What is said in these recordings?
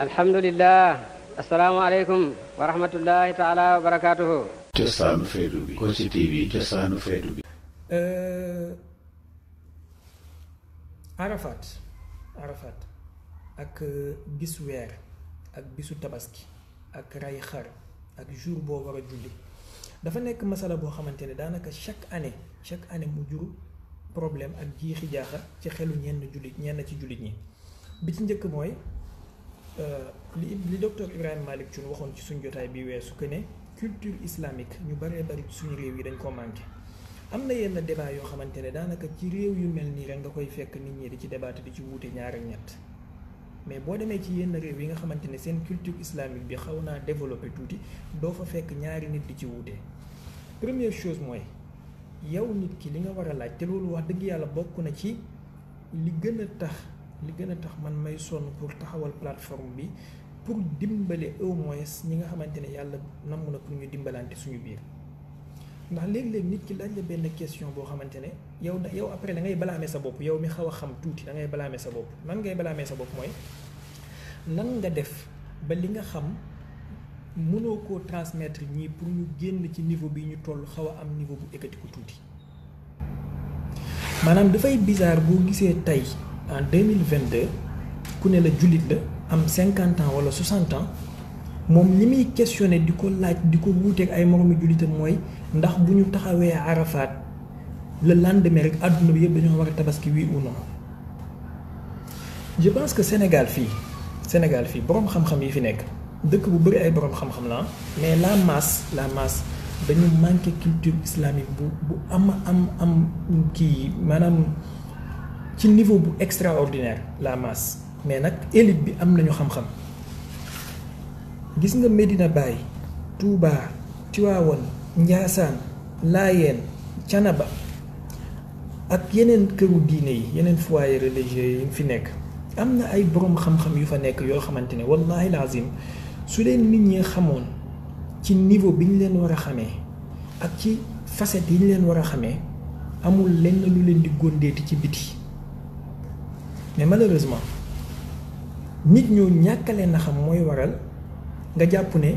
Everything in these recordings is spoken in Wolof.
الحمد لله السلام عليكم ورحمة الله تعالى وبركاته جسان فيدوبي كوسي تي في جسان فيدوبي أه... عرفات عرفات ak bis weer ak bisu tabaski ak ray xar ak jour boo war a julli dafa nekk masala boo xamante ne daanaka chaque année chaque année mu jur problème ak jiixi jaaxa ci xelu ñenn jullit ñenn ci jullit ñi bi ci njëkk mooy Euh, li li docteur Ibrahima Malick Thioune waxoon ci suñu jotaay bi weesu que ne culture islamique ñu bëree bëri suñu réew yi dañ ko manqué am na yenn débat yoo xamante ne daanaka ci réew yu mel nii rek nga koy fekk nit ñi di ci débatté di ci wuute ñaar ñett mais boo demee ci yenn réew yi nga xamante ne seen culture islamique bi xaw naa développé tuuti doo fa fekk ñaari nit di ci wuute première chose mooy yow nit ki li nga war a laaj te loolu wax dëgg yàlla bokk na ci li gën a tax. li gën a tax man may sonn pour taxawal plateforme bi pour dimbale au moins ñi nga xamante ne yàlla namm na pour ñu dimbalante suñu biir ndax léeg-léeg nit ki laaj la benn question boo xamante ne yow da yow après dangay balaame sa bopp yow mi xaw a xam tuuti da ngay balaamee sa bopp nan ngay balaamee sa bopp mooy nan nga def ba li nga xam mënoo ko transmettre ñii pour ñu génn ci niveau bi ñu toll xaw a am niveau bu ekkati ko tuuti maanaam dafay bizarre boo gisee en 2022 ku ne la jullit la am 50 ans wala 60 ans mom li questionner diko di ko laaj di ko ay moroomi jullitam moy ndax buñu taxawé Arafat le lendemain rek àdduna bi yëpp dañu wara tabaski oui ou non je pense que Sénégal fi Sénégal fi borom xam-xam yi fi nek dëkk bu bëri ay borom xam-xam la mais la masse la masse dañu manqué culture islamique bu bu am am am ki manam ci niveau bu extraordinaire la masse mais nag élite bi am nañu xam-xam gis nga Medina bàyyi Touba Tivaouane Ndiassane Layène canaba ak yeneen këru diine yi yeneen foyer religieux yi fi nekk am na ay boroom xam-xam yu fa nekk yoo xamante ne wallahi lazim su leen nit ñi xamoon ci niveau bi ñu leen war a xamee ak ci facette yi ñu leen war a xamee amul lenn lu leen di góndeeti ci biti mais malheureusement nit ñu ñàkkaleen na xam mooy waral nga jàpp ne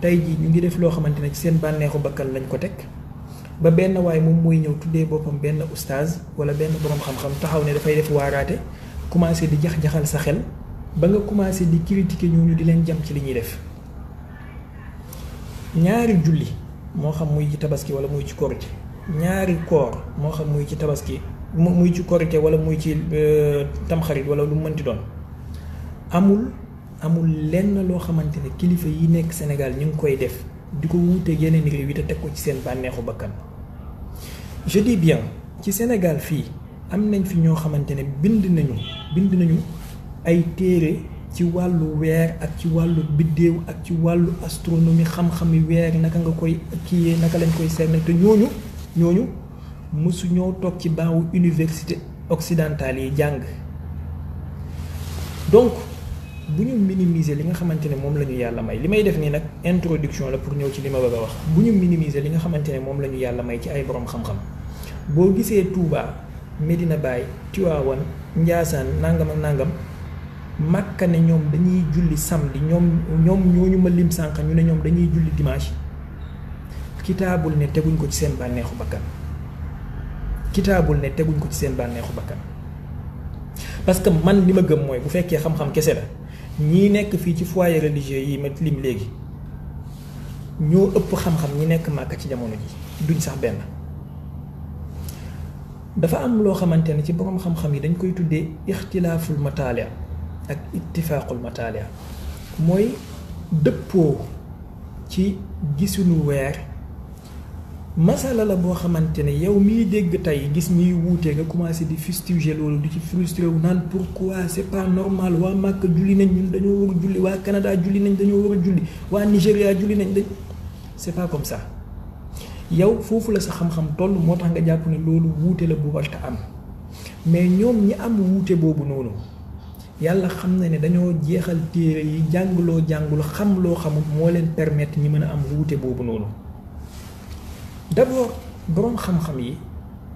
tey jii ñu ngi def loo xamante ne ci seen bànneexu bakkan lañ ko teg ba benn waaye moom mooy ñëw tuddee boppam benn oustaz wala benn borom xam-xam taxaw ne dafay def waaraate commencé di jax-jaxal sa xel ba nga commencé di critiquer ñu di leen jam ci li ñuy def ñaari julli moo xam muy ci tabaski wala muy ci koor ji ñaari koor moo xam muy ci tabaski mu muy ci korité wala muy ci euh, tamxarit wala lu mu mënti doon amul amul lenn loo xamante ne kilifa yi nekk Sénégal ñu ngi koy def di ko wuuteeg yeneen réew yi te teg ko ci seen bànneexu bakkan je dis bien ci Sénégal fii am nañ fi ñoo xamante ne bind nañu bind nañu ay téere ci wàllu weer ak ci wàllu biddéew ak ci wàllu astronomie xam-xami weer naka nga koy kiyee naka lañ koy seerne te ñooñu ñooñu mësu ñoo toog ci baawu université occidentale yi jàng donc bu ñu minimiser li nga xamante ne moom la ñu yàlla may li may def nii nag introduction la pour ñëw ci li ma bëgg a wax bu ñu minimiser li nga xamante ne moom la yàlla may ci ay borom xam-xam boo gisee Touba Medina Baye Tiwaawan Njaasaan nangam ak nangam Makka ne ñoom dañuy julli samedi ñoom ñoom ñooñu ma lim sànq ñu ne ñoom dañuy julli dimanche kitaabul ne teguñ ko ci seen bànneexu bakkan kitaabul ne teguñ ko ci seen bànneexu bakkan parce que man li ma gëm mooy bu fekkee xam-xam kese la ñi nekk fii ci foyer religieux yi ma lim léegi ñoo ëpp xam-xam ñi nekk màkk ci jamono ji duñ sax benn dafa am loo xamante ne ci borom xam-xam yi dañ koy tuddee ixtilaaful mataalia ak ittifaaqul mataalia mooy dëppoo ci gisuñu weer masala la boo xamante ne yow miy dégg tey gis ñuy wuute nga commencé di fustiger loolu di ci frustré wu naan pourquoi c'est pas normal waa Màkka julli nañ ñun dañoo war a julli waa Canada julli nañ dañoo war a julli waa Nigéria julli nañ dañ c'est pas comme ça yow foofu la sa xam-xam toll moo tax nga jàpp ne loolu wuute la bu warta am mais ñoom ñi am wuute boobu noonu yàlla xam na ne dañoo jeexal téere yi jàngloo jàngul xam loo xamul moo leen permettre ñi mën a am wuute boobu noonu d'abord boroom xam-xam yi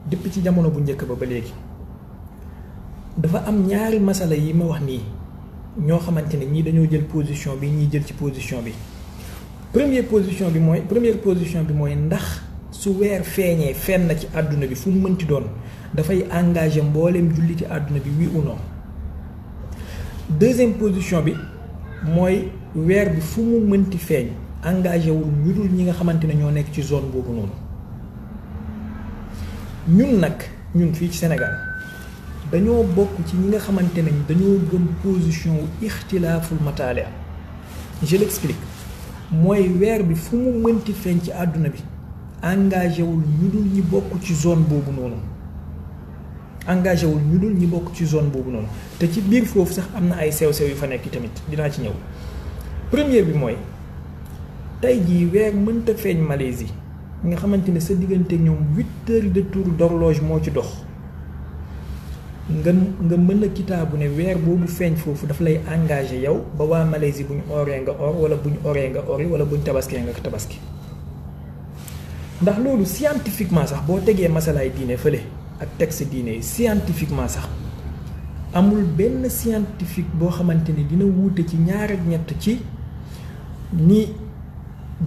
depuis ci jamono bu njëkk ba ba léegi dafa am ñaari masala yi ma wax nii ñoo xamante ne ñii dañoo jël position bi ñii jël ci position bi première position bi mooy première position bi mooy ndax su weer feeñee fenn ci àdduna bi fu mu mënti doon dafay engagé mbooleem julliti àdduna bi wii ou non deuxième position bi mooy weer bi fu mu mënti feeñ engagé wul ñu dul ñi nga xamante ne ñoo nekk ci zone boobu noonu ñun nag ñun fii ci Sénégal dañoo bokk ci ñi nga xamante ne dañoo gëm position wu ixtilaaful mataalia je l'explique mooy weer bi fu mu mënti feeñ ci àdduna bi engagé wul ñu dul ñi bokk ci zone boobu noonu engagé wul ñu dul ñi bokk ci zone boobu noonu te ci biir foofu sax am na ay sew-sew yu fa nekk tamit dinaa ci ñëw première bi mooy. tay jii weer mënta feeñ Malaisie nga xamante sa digënté ñom 8 heures de tour d'horloge mo ci dox nga nga mëna kitabu né ne weer boobu feeñ foofu daf lay engager yow ba wa Malaisie buñ oré nga or wala buñ oré nga or wala buñ tabaski nga tabaski ndax lolu scientifiquement sax boo tegee masalaay diiné fële ak texte diiné scientifiquement sax amul ben scientifique bo xamanteni dina wouté ci ñaar ak ñett ci ni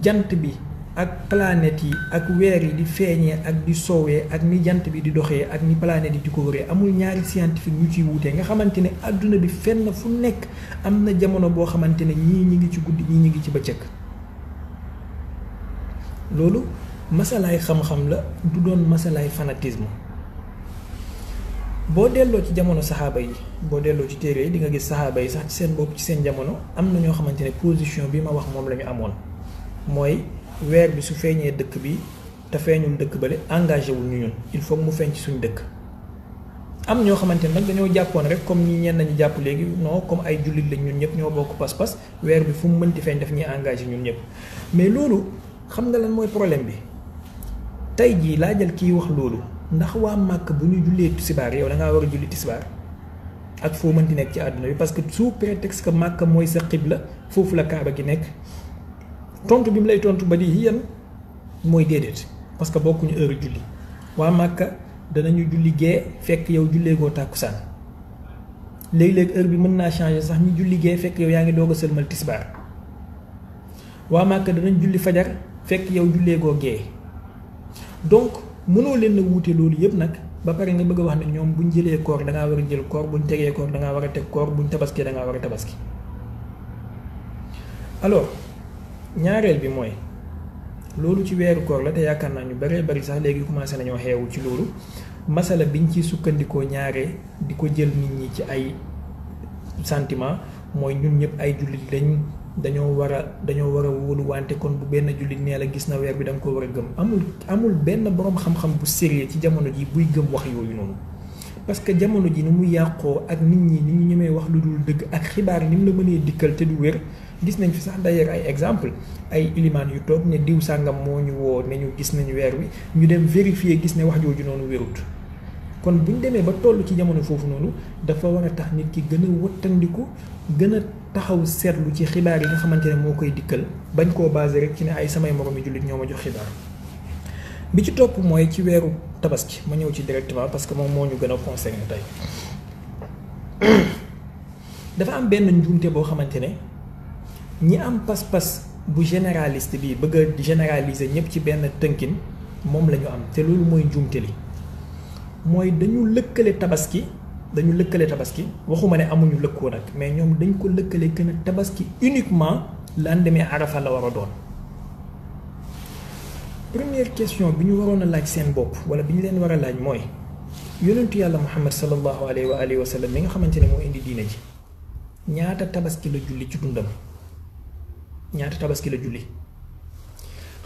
jant bi ak planète yi ak weer yi di feeñee ak di soowee ak ni jant bi di doxee ak ni planète yi di ko wëree amul ñaari scientifique ñu ciy wuutee nga xamante ne àdduna bi fenn fu nekk am na jamono boo xamante ne ñii ñi ngi ci guddi ñii ñi ngi ci bëccëg loolu masalaay xam-xam la du doon masalaay fanatisme boo delloo ci jamono saxaaba yi boo delloo ci téere yi di nga gis saxaaba yi sax ci seen bopp ci seen jamono am na ñoo xamante ne position bi ma wax moom la ñu amoon mooy weer bi su feeñee dëkk bi te feeñul dëkk ba engagé wul ñu ñun il faut mu fenc ci suñu dëkk am ñoo xamante ne nag dañoo jàppoon rek comme ñi ñenn ñi jàpp léegi noo comme ay jullit lañ ñun ñëpp ñoo bokk pas-pas weer bi fu mu mënti feeñ daf ñuy engagé ñun ñëpp mais loolu xam nga lan mooy problème bi tey jii laa jël kiy wax loolu ndax waa màkk bu ñu jullee tisbaar yow da ngaa war a julli tisbaar ak foo mënti nekk ci àdduna bi parce que sous prétexte que màkk mooy sa xibla foofu la kaaba gi nekk tontu bi mu lay tontu ba di hiyan mooy déedéet parce que bokkuñu heure julli waa Màkka danañu julli gee fekk yow julleegoo tàkkusaan léeg-léeg heure bi mën naa changer sax ñu julli gee fekk yow yaa ngi doog a sëlmal tisbaar waa Màkka danañ julli fajar fekk yow julleegoo gee donc mënoo leen a wuute loolu yëpp nag ba pare nga bëgg wax ne ñoom buñ jëlee koor da war a jël koor buñ tegee koor da war a teg koor buñ tabaskee da war a tabaski ñaareel bi mooy loolu ci weeru koor la te yaakaar naa ñu bëree bëri sax léegi commencé nañoo xeewu ci loolu masala biñ ci sukkandikoo ñaare di ko jël nit ñi ci ay santiment mooy ñun ñëpp ay jullit lañ dañoo war a dañoo war a wóolu wante kon bu benn jullit nee la gis na weer bi da ko war a gëm amul amul benn borom xam-xam bu sérieux ci jamono ji buy gëm wax yooyu noonu parce que jamono ji ni mu yàqoo ak nit ñi ni ñu ñemee wax lu dul dëgg ak xibaar ni mu la mënee dikkal te du wér gis nañ fi sax d'ailleurs ay exemple ay ilimaan yu toog ne diw sàngam moo ñu woo ne ñu gis nañ weer wi ñu dem vérifier gis ne wax jooju noonu wérut kon bu ñu demee ba toll ci jamono foofu noonu dafa war a tax nit ki gën a wattandiku gën a taxaw seetlu ci xibaar yi nga xamante ne moo koy dikkal bañ koo basé rek ci ne ay samay moromi jullit ñoo ma jox xibaar bi ci topp mooy ci weeru tabaski ma ñëw ci directement parce que moom moo ñu gën a concerné tey dafa am benn njuumte boo xamante ne. ñi am pas-pas bu généraliste bi bëgg a généraliser ñëpp ci benn tënkin moom lañu ñu am te loolu mooy njuumte li mooy dañu lëkkale tabaski dañu lëkkale tabaski waxuma ne amuñu lëkkoo nag mais ñoom dañ ko lëkkale que ne tabaski uniquement lendemain arafa la war a doon première question bi ñu waroon a laaj seen bopp wala bi ñu leen war a laaj mooy yonentu yàlla muhammad sallallahu alayhi wa alihi wa sallam mi nga xamante ne moo indi diine ji ñaata tabaski la julli ci dundam ñaata tabaski la julli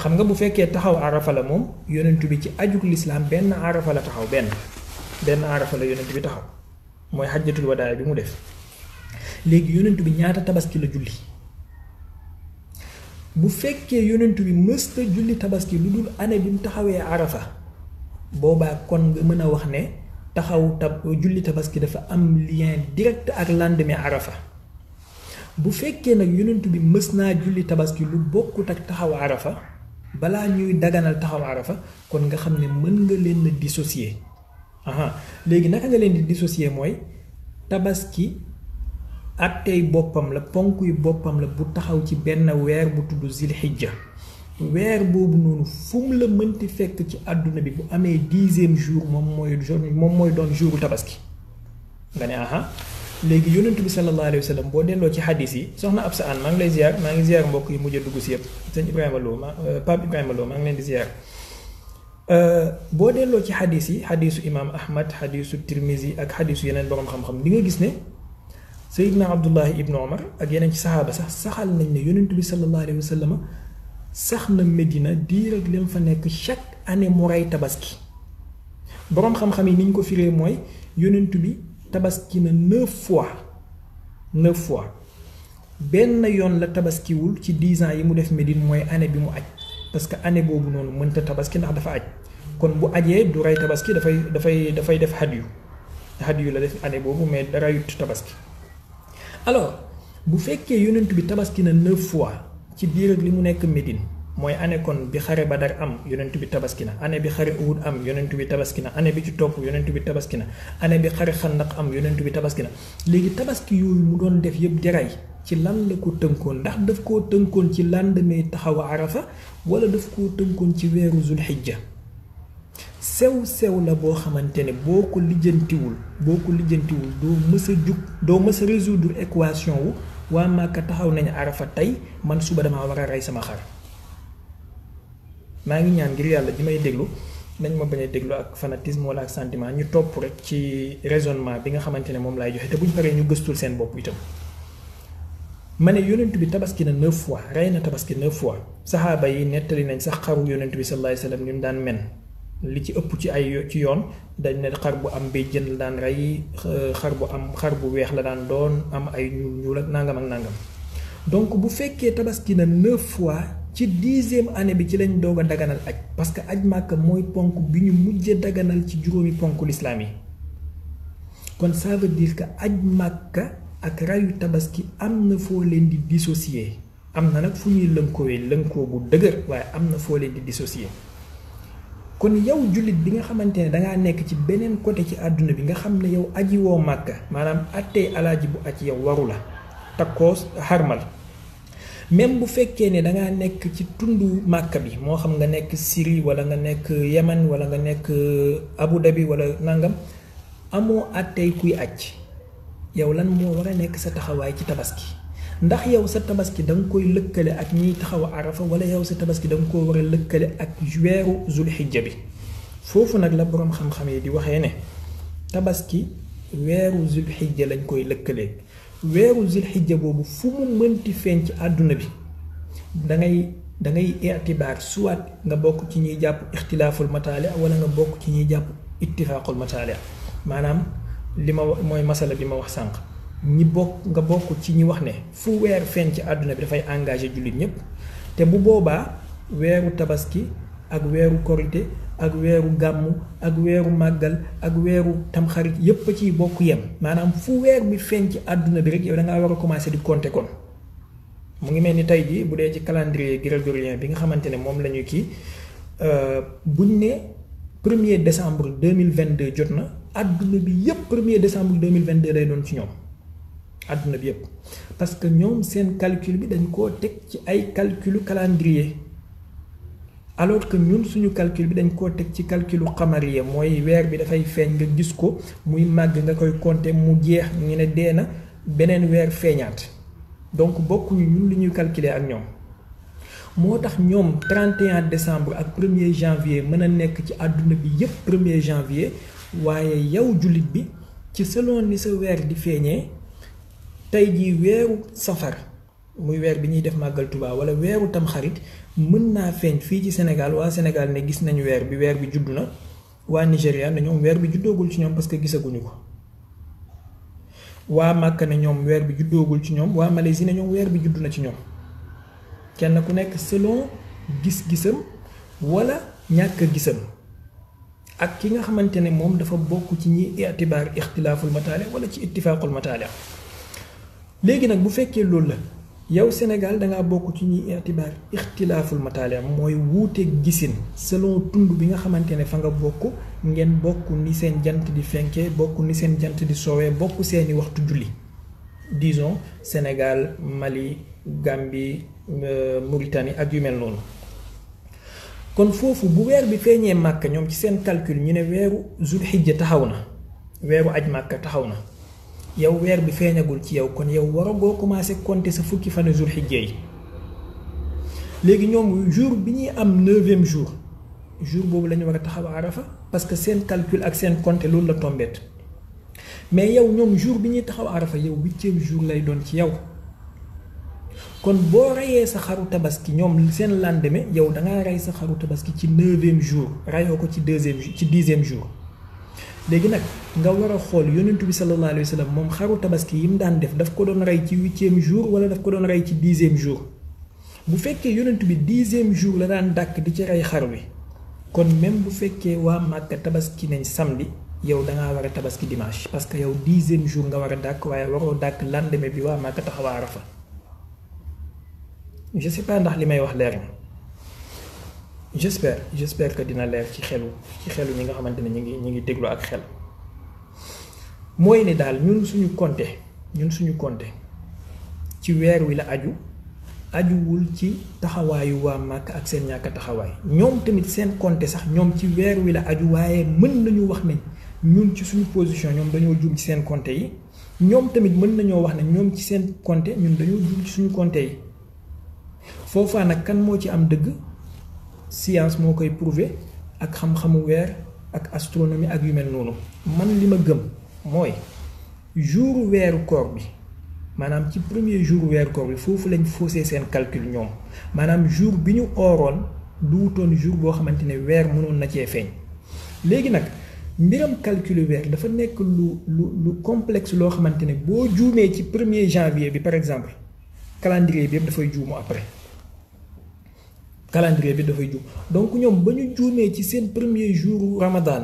xam nga bu fekkee taxaw arafa la moom yonent bi ci ajug lislaam benn arafa la taxaw benn benn arafa la yonent bi taxaw mooy xajjatul wadaay bi mu def léegi yonent bi ñaata tabaski la julli bu fekkee yonent bi mësta julli tabaski lu dul année bi mu taxawee arafa boobaa kon nga mën a wax ne taxaw tab julli tabaski dafa am lien direct ak lendemain arafa bu fekkee nag yonent bi mës naa julli tabaski lu bokkut ak taxaw arafa balaa ñuy daganal taxaw arafa kon nga xam ne mën nga leen a léegi naka nga leen di dissocier mooy tabaski attey boppam la ponk yu boppam la bu taxaw ci benn weer bu tudd zilxijja weer boobu noonu fu la mënti fekk ci àdduna bi bu amee dixième jour moom mooy jour moom mooy doon jouru tabaski nga ne aha léegi yonent bi sallallahu alayhi wa sallam boo delloo ci xadis yi soxna Absa Anne maa ngi lay ziar maa ngi ziar mbokk yi mujj a dugg si yëpp sëñ Ibrahima Lo ma euh, Pape Ibrahima Lo maa ngi leen di ziar euh, boo delloo ci xadis yi xadisu imaam Ahmad xadisu Tirmizi ak xadisu yeneen boroom xam-xam di nga gis ne Seydina Abdullahi Ibn Omar ak yeneen ci saxaaba sax saxal nañ ne yonent bi sallallahu alayhi wa sallam sax na Medina diir ak lim fa nekk chaque année mu rey tabaski borom xam-xam yi ni ko firee mooy yonent bi. tabaski na neuf fois neuf fois benn yoon la tabaskiwul ci dix ans yi mu def Médine mooy année bi mu aj parce que année boobu noonu mënta tabaski ndax dafa aj kon bu ajee du rey tabaski dafay dafay dafay def xad yu xad yu la def année boobu mais reyut tabaski alors bu fekkee yonent bi tabaski na neuf fois ci biir ak li mu nekk Médine mooy année kon bi xare Badar am yonent bi tabaski na année bi xare Uhud am yonent bi tabaski na année bi ci topp yonent bi tabaski na année bi xare Xandaq am yonent bi tabaski na léegi tabaski yooyu mu doon def yëpp jaray ci lan la ko tënkoon ndax daf koo tënkoon ci lendemain taxawa arafa wala daf koo tënkoon ci weeru zulhijja sew sew la boo xamante ne boo ko lijjantiwul boo ko lijjantiwul doo mës a doo mës a résoudre équation wu waa Màkka taxaw nañu arafa tey man suba damaa war rey sama xar maa ngi ñaan ngir yàlla ji may déglu nañ ma bañ a déglu ak fanatisme wala ak sentiment ñu topp rek ci raisonnement bi nga xamante ne moom laay joxe te buñ paree ñu gëstul seen bopp itam. ma ne yonent bi tabaski na neuf fois rey na tabaski neuf fois saxaaba yi nettali nañ sax xaru yonent bi sallallahu alayhi wasallam ni mu daan men li ci ëpp ci ay ci yoon dañ ne xar bu am béjjën la daan rey xar bu am xar bu weex la daan doon am ay ñuul ñuul ak nangam ak nangam donc bu ci dixième année bi ci lañ doog a daganal aj parce que aj màkk mooy ponk bi ñu mujjee daganal ci juróomi ponk lislaam yi kon ça veut dire que aj màkka ak rayu tabaski am na foo leen di dissocier am na nag fu ñuy lënkoowee lënkoo bu dëgër waaye am na foo leen di dissocier kon yow jullit bi nga xamante ne dangaa nekk ci beneen côté ci àdduna bi nga xam ne yow aji woo màkka maanaam attey alaaji bu aj yow waru la takkoos xarmal même bu fekkee ne da ngaa nekk ci tund màkk bi moo xam nga nekk Syrie wala nga nekk Yemen wala nga nekk euh, Abu Dhabi wala nangam amoo àttey kuy acc yow lan moo war a nekk sa taxawaay ci tabaski ndax yow sa tabaski da koy lëkkale ak ñiy taxaw arafa wala yow sa tabaski da nga war a lëkkale ak weeru zulxijja bi foofu nag la boroom xam-xam yi di waxee ne tabaski weeru zulxijja lañ koy lëkkalee. weeru zilxijja boobu fu mu mënti feeñ ci àdduna bi dangay dangay itibaar soit nga bokk ci ñuy jàpp ixtilaaful mataalia wala bokk ci ñuy jàpp ittifaaqul mataalia maanaam li ma mooy masala bi ma wax sànq ñi bokk nga bokk ci ñi wax ne fu weer feeñ ci àdduna bi dafay engagé jullit ñépp te bu boobaa weeru tabaski ak weeru korite ak weeru gàmmu ak weeru màggal ak weeru tamxarit yépp ciy bokk yem maanaam fu weer bi feeñ ci àdduna bi rek yow da ngaa war a commencer di compter kon mu ngi mel ni tey jii bu dee ci calendrier grégorien bi nga xamante ne moom la ñu kii euh, buñ ne premier décembre deux mille vingt deux jot na àdduna bi yépp premier décembre deux mille vingt deux day doon ci ñoom àdduna bi yépp parce que ñoom seen calcul bi dañ koo teg ci ay calculu calendrier. alors que ñun suñu calcul bi dañ koo teg ci calcul xamariya mooy weer bi dafay feeñ nga gis ko muy màgg nga koy compter mu jeex ñu ne dee na beneen weer feeñaat donc bokkuñu ñun li ñuy calculer ak ñoom moo tax ñoom 31 décembre ak 1er janvier mën a nekk ci àdduna bi yépp 1er janvier waaye yow julit bi ci selon ni sa weer di feeñee tey ji weeru safar muy weer bi ñuy def màggal Tuubaa wala weeru tamxarit mën naa feeñ fii ci Sénégal waa Sénégal ne gis nañu weer bi weer bi juddu na waa Nigéria ne ñoom weer bi juddoogul ci ñoom parce que gisaguñu ko waa Màkka ñoom weer bi juddoogul ci ñoom waa Malaisie ne ñoom weer bi judd na ci ñoom kenn ku nekk selon gis-gisam walla ñàkk gisam ak ki nga xamante ne moom dafa bokk ci ñi itibaar ixtilaaful mataale wala ci ittifaaqul mataale léegi nag bu fekkee loolu la. yow senegal dangaa bokk ci ñuy itibaar ixtilaaful mataalia mooy wuute gisin selon tund bi nga xamante ne fa nga bokk ngeen bokk ni seen jant di fenke bokk ni seen jant di soowee bokk seeni waxtu julli dison senegal Mali Gambie euh, Mauritanie ak yu mel noonu kon foofu bu weer bi feeñee màkk ñoom ci seen calcul ñu ne weeru zulhijja taxaw na weeru aj màkk taxaw na yow weer bi feeñagul ci yow kon yow war a goo commencé compter sa fukki fan jour xijja léegi ñoom jour bi ñuy am neuvième jour jour boobu la ñu war a taxaw arafa parce que seen calcul ak seen compter loolu la tombet mais yow ñoom jour bi ñuy taxaw arafa yow huitième jour lay doon ci yow kon boo reyee sa xaru tabaski ñoom seen lendemain yow da ngaa rey sa xaru tabaski ci neuvième jour reyoo ko ci deuxième ci dixième jour. léegi nag nga war a xool yonentu bi sallallahu alayhi wa moom xaru tabaski yi mu daan def daf ko doon rey ci huitième jour wala daf ko doon rey ci dixième jour bu fekkee yonentu bi dixième jour la daan dàkk di ci rey xar wi kon même bu fekkee waa Màkka tabaski nañ samedi yow da ngaa war a tabaski dimanche parce que yow dixième jour nga war a dàkk waaye waroo dàkk lendemain bi waa Màkka taxawaa fa je ndax li may wax leer j'espère j'espère que dina leer ci xelu ci xelu ñi nga xamante ne ñu ngi ñu ngi déglu ak xel mooy ni daal ñun suñu compte ñun suñu compte ci weer wi la aju ajuwul ci taxawaayu waa màkk ak seen ñàkk ñoom tamit seen compte sax ñoom ci weer wi la aju waaye mën nañu wax ne ñun ci suñu position ñoom dañoo juum seen compte yi ñoom tamit mën nañoo wax ne ñoom ci seen compte ñun dañoo juum ci suñu compte yi nag kan moo ci am dëgg. science moo koy prouver ak xam-xamu weer ak astronomie ak yu mel noonu man li ma gëm mooy jour weeru koor bi maanaam ci premier jour weeru koor bi foofu lañ faussé seen calcul ñoom maanaam jour bi ñu ooroon du wutoon jour boo xamante ne weer mënoon na cee feeñ léegi nag mbiram calcul weer dafa nekk lu lu lu complexe loo xamante ne boo juumee ci premier janvier bi par exemple calendrier bi yëpp dafay juumu après calendrier bi da fay jub donc ñom bañu ñu ci sen premier jour Ramadan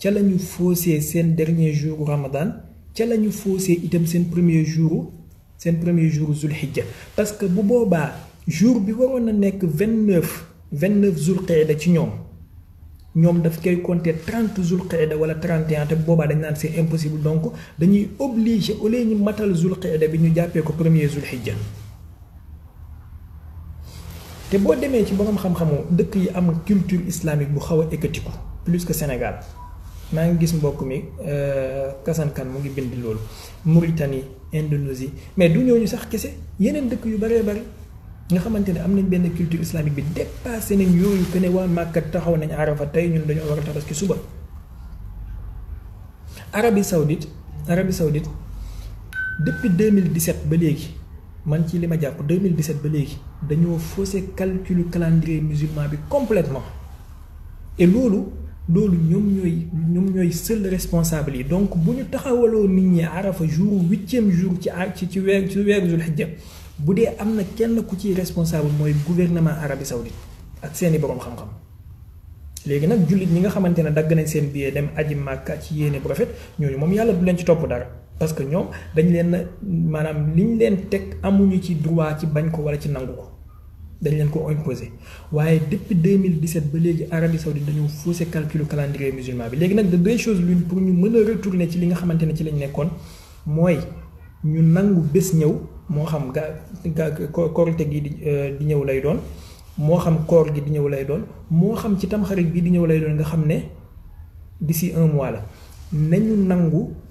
ca lañu faussé sen dernier jour Ramadan ca lañu faussé item sen premier jour sen premier jour Zulhijja parce que bu boba jour bi waroon a nekk 29 neuf vingt ci ñom ñom daf kay compter 30 Zulqeeda wala 31 et te boobaa dañ naan c'est impossible donc dañuy obligé au lieu ñu matal Zulqeeda bi ñu jappé ko premier Zulhijja te boo demee ci borom xam culture islamique bu plus que Sénégal maa ngi gis mbokk mi euh, kan mu ngi bind Mauritanie Indonésie mais du ñooñu sax kese yeneen dëkk yu bëree bëri nga am culture islamique bi dépassé nañ que ne waa taxaw nañ ñun Arabie Saoudite Arabie Saoudite depuis 2017 ba man ci li ma 2017 ba léegi faussé calcul calendrier musulman complètement et loolu loolu ñoom ñooy responsable donc bu ñu nit ñi arafa jour jour ci ci ci responsable du gouvernement Arabie Saoudite ak seeni borom xam-xam léegi nag jullit ñi nga parce que ñoom dañ leen maanaam liñ leen teg amuñu ci droit ci bañ ko wala ci nangu ko dañ leen ko imposé waaye depuis 2017 ba léegi Arabie Saoudite dañoo faussé calcul calendrier musulman bi léegi nag de deux choses l'une pour ñu mën a retourner ci li nga xamante ne ci lañ nekkoon mooy ñu nangu bés ñëw moo xam ga ga korite gi di euh, di ñëw lay doon moo xam koor gi di ñëw lay doon moo xam ci tamxarit bi di ñëw lay doon nga xam ne d'ici un mois la nañu nangu.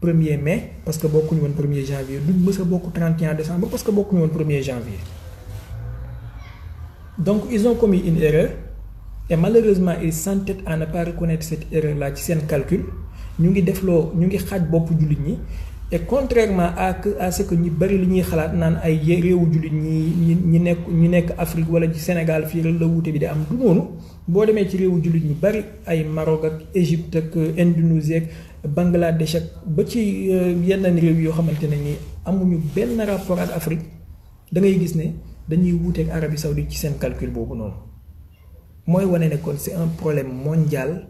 1er mai parce que eu le 1er janvier nous 31 décembre parce que eu le 1er janvier donc ils ont commis une erreur et malheureusement ils s'entêtent à ne pas reconnaître cette erreur là ci calcul nous fait et contrairement à que à ce que nous bari Afrique Sénégal la des nous avons fait des Égypte fait Bangladesh ak ba ci euh, yenn réew yoo xamante ne ni amuñu benn rapport ak Afrique da gis ne dañuy wuuteeg arabi Saoudite ci seen calcul boobu noonu mooy wane ne kon c'est un problème mondial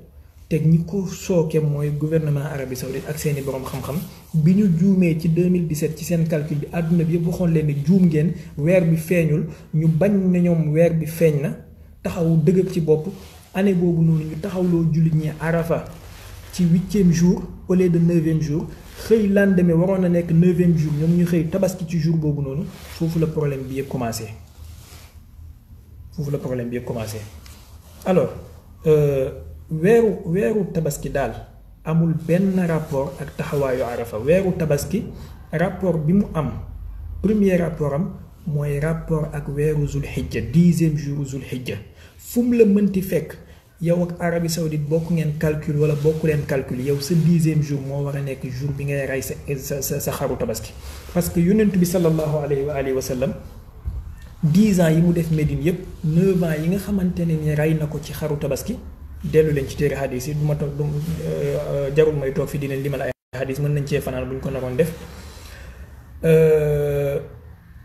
te ñi ko sooke mooy gouvernement Arabie Saoudite ak seeni borom xam-xam bi ñu juumee ci 2017 ci seen calcul bi àdduna bi yëpp waxoon leen ne juum ngeen weer bi feeñul ñu bañ ne ñoom weer bi feeñ na taxawu dëgg ci bopp année boobu noonu ñu taxawloo jullit ñi Arafa. 8 e jour au lieu de 9e jour lan demé warona e jour 9 ñu xey tabaski ci jour le problème bi commencé le problème bi où commencé alors euh, wéru wéru tabaski dal amul ben rapport ak arafa tabaski rapport bi mu am premier rapport am moy rapport ak le 10 e jour zulhijja yow ak Arabie Saoudite bokk ngeen calcul wala bokku leen calcul yow sa dixième jour moo war a nekk jour bi ngay rey sa sa xaru tabaski parce que yonent bi sallallahu alayhi wa alihi wa sallam dix ans yi mu def Médine yëpp neuf yi nga xamante ne ni rey na ko ci xaru tabaski dellu leen ci téere xadis yi du ma toog du euh, euh, jarul may toog fi di leen limal ay xadis mën nañ cee fanaan bu ko naroon def euh,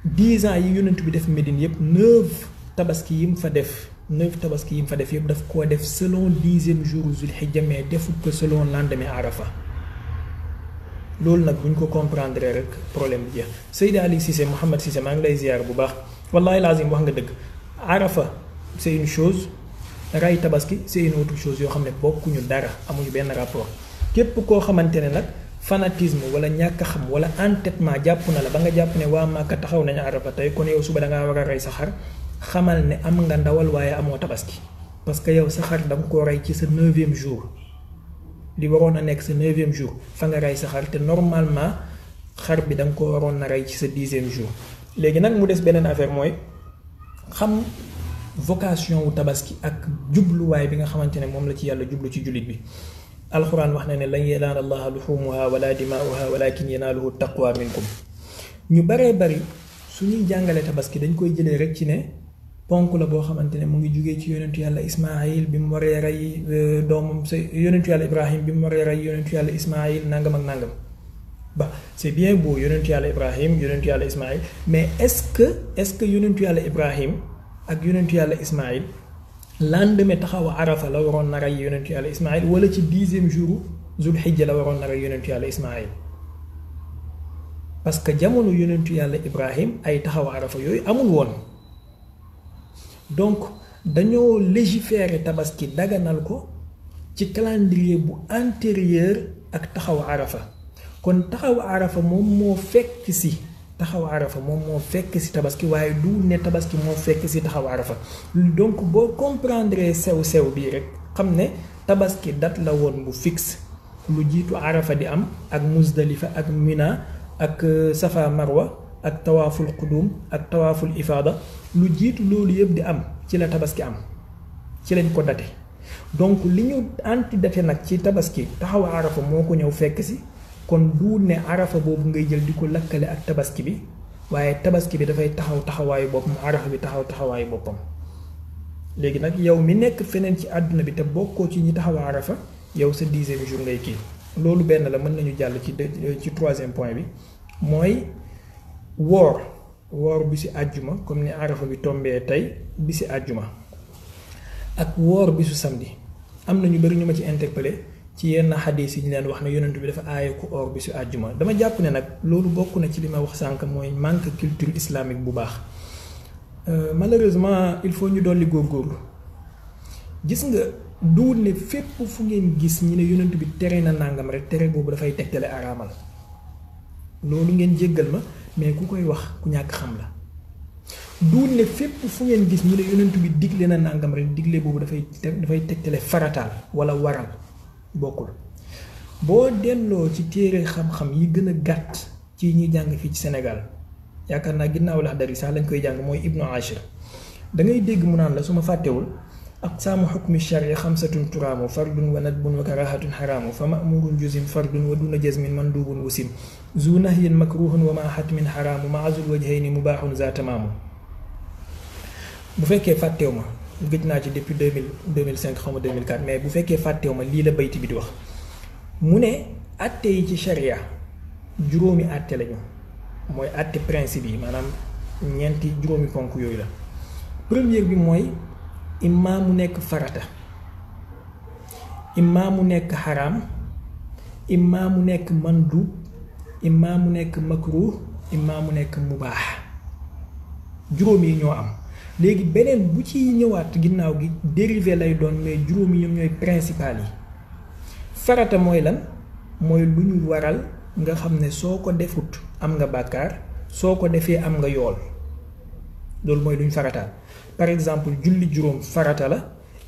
dix yi yonent bi def Médine yëpp neuf tabaski yi mu fa def neuf tabaski yi fa def yëpp daf koo def selon dixième jour zulhijja mais defu ko selon lendemain arafa loolu nag bu ñu ko comprendre rek problème bi jeex Seydi Ali Cissé Mouhamed Cissé maa ngi lay ziar bu baax wallahi lazim wax nga dëgg arafa c' une chose ray tabaski c' est une autre chose yoo xam ne bokkuñu dara amuñu benn rapport képp koo xamante ne nag fanatisme wala ñàkk xam wala entêtement jàpp na la ba nga jàpp ne waa Màkka taxaw nañu arafa tey kon yow suba da war a rey sa xar xamal ne am nga ndawal waaye amoo tabaski parce que yow sa xar da nga rey ci sa neuvième jour li waroon a nekk sa neuvième jour fa nga rey sa xar te normalement xar bi da ko waroon na rey ci sa dixième jour. léegi nag mu des beneen affaire mooy xam vocation wu tabaski ak jubluwaay bi nga xamante ne moom la ci yàlla jublu ci jullit bi. alxuraan wax na ne lan yanaala allaha luxumuha wala dimaauha walakin yanaaluhu taqwa minkum ñu baree bari suñuy jàngale tabaski dañ koy jëlee rek ci ne. ponk la boo xamante ne mu ngi jugee ci yonentu yàlla Ismaayil bi mu waree rey doomam sa yonentu yàlla Ibrahim bi mu waree rey yonentu yàlla Ismaayil nangam ak nangam ba c'est bien beau yonentu yàlla Ibrahim yonentu yàlla Ismaayil mais est-ce que est-ce que yonentu yàlla Ibrahim ak yonentu yàlla Ismaayil lendemain taxaw arafa la waroon na rey yonentu yàlla Ismaayil wala ci dixième jour zulhijja la waroon na rey yonentu yàlla Ismaayil parce que jamono yonentu yàlla Ibrahim ay taxaw arafa yooyu amul woon. donc dañoo légiférer tabaski daganal ko ci calendrier bu antérieur ak taxaw arafa kon taxaw arafa moom moo fekk si taxaw arafa moom moo fekk si tabaski waaye du ne tabaski moo fekk si taxaw arafa donc boo comprendre sew sew bii rek xam ne tabaski dat la woon bu fix lu jiitu arafa di am ak musdalifa ak mina ak euh, safa marwa ak tawaaful quduum ak tawaaful ifaada lu jiitu loolu yëpp di am ci la tabaski am ci lañ ko date donc li ñu anti date nag ci tabaski taxaw arafa moo ko ñëw fekk si kon du ne arafa boobu ngay jël di ko lakkale ak tabaski bi waaye tabaski bi dafay taxaw taxawaayu boppam arafa bi taxaw taxawaayu boppam léegi nag yow mi nekk feneen ci àdduna bi te bokkoo ci ñi taxaw arafa yow sa dixième jour ngay kii loolu benn la mën nañu jàll ci ci troisième point bi mooy woor woor bi si àjjuma comme ni arafa bi tombee tey bi si àjjuma ak woor bi su samedi am na ñu bari ñu ma ci interpellé ci yenn xadis yi ñu leen wax ne yonent bi dafa aaye oor bi su àjjuma dama jàpp ne nag loolu bokk na ci li ma wax sànq mooy manque culture islamique bu baax euh, malheureusement il faut ñu dolli góorgóorlu gis nga duwul ne fépp fu ngeen gis ñi ne yonent bi tere na nàngam rek tere boobu dafay tegtale araamal loolu ngeen jéggal ma mais ku koy wax ku ñàkk xam la duul ne fépp fu ngeen gis ñu ne yonent bi digle na nàngam rek digle boobu dafay dafay tegtale farataal wala waral bokkul boo delloo ci téere xam-xam yi gën a gàtt ci ñuy jàng fii ci senegal yaakaar naa ginnaaw lax dari sax lañ koy jàng mooy Ibnu Ashir da ngay dégg mu naan la su ma fàttewul aqsaamu xukmi shari xamsatun turaamu fardun wa nadbun wa karahatun xaraamu fa mamurun jusim fardun wa duna jazmin mandubun wasim zu nahyin makruhun wa maa xatmin xaraamu maa zul wajhayni mubaaxun za tamaamu bu fekkee fàtteew ma gëj naa ci depuis 2000 2005 xaw ma 2004 mais bu fekkee fàtteew ma lii la bayti bi di wax mu ne atte yi ci sharia juróomi atte lañu mooy atte principe yi maanaam ñeenti juróomi ponk yooyu la bi mooy imma mu nekk farata imma mu nekk xaraam imma mu nekk mandu imma mu nekk makruh imma mu nekk mubaax juróom yi ñoo am léegi beneen bu ci ñëwaat ginnaaw gi dérivé lay doon mais juróom yi ñoom ñooy principal yi farata mooy lan mooy lu ñu waral nga xam ne soo ko defut am nga bàkkaar soo ko defee am nga yool loolu mooy luñ ñu par exemple julli juróom farata la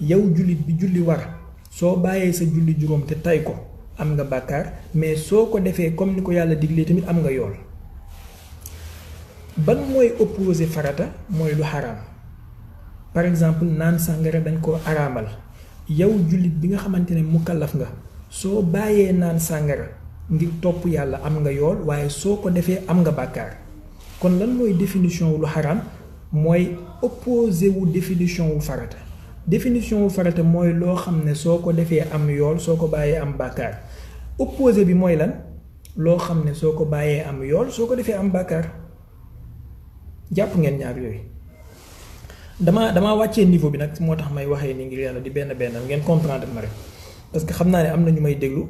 yow jullit bi julli war soo bàyyee sa julli juróom te tay ko am nga bàkkaar mais soo ko defee comme ni ko yàlla diglee tamit am nga yool ban mooy opposé farata mooy lu xaraam par exemple naan sàngara dañ koo araamal yow jullit bi nga xamante ne mukallaf nga soo bàyyee naan sàngara ngir topp yàlla am nga yool waaye soo ko defee am nga bàkkaar kon lan mooy définition lu xaraam mooy opposé wu définition wu farata définition wu farata mooy loo xam ne soo ko defee am yool soo ko bàyyee am bàkkaar opposé bi mooy lan loo xam ne soo ko bàyyee am yool soo ko defee am bàkkaar jàpp ngeen ñaar yooyu damaa damaa wàccee niveau bi nag moo tax may waxee ni ngir yàlla di benn benn ngeen comprendre ma rek parce que xam naa ne am na ñu may déglu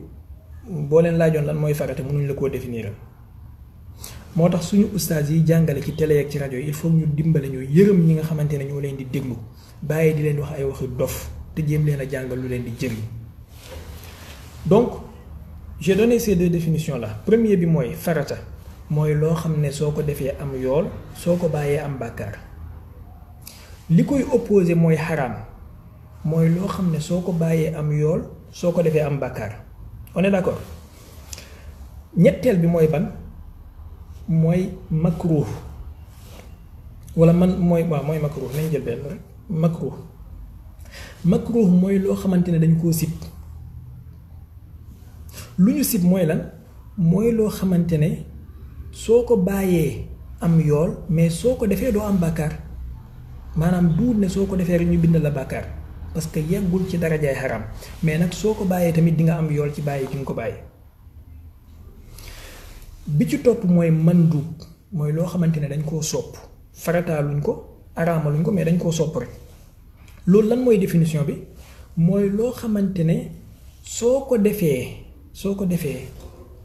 boo leen laajoon lan mooy farata mënuñ la koo définir moo tax suñu oustaz yi jàngale ci télé ak ci rajo il faut ñu dimbale ñu yërëm ñi nga xamante ne ñoo leen di déglu bàyyi di leen wax ay waxi dof te jéem leen a jàngal lu leen di jëriñ donc j'ai donné ces deux définitions là premier bi mooy farata mooy loo xam ne soo ko defee am yool soo ko bàyyee am bàkkaar li koy opposé mooy haram mooy loo xam ne soo ko bàyyee am yool soo ko defee am bàkkaar on est d'accord ñetteel bi mooy ban. Moy makruh wala man moy wa moy makruh nañ jël ben rek makruh makruh moy lo xamantene dañ ko sip luñu sip moy lan moy lo xamantene soko baye am yol mais soko defé do am bakar manam duut ne soko defé rek ñu bind la bakar parce que yegul ci darajaay haram mais nak soko baye tamit di nga am yol ci baye gi ko baye bi ci topp mooy man manduub mooy loo xamante ne dañ koo sopp farataaluñ ko luñ ko mais dañ koo sopp rek loolu lan mooy définition bi mooy loo xamante ne soo ko defee soo ko defee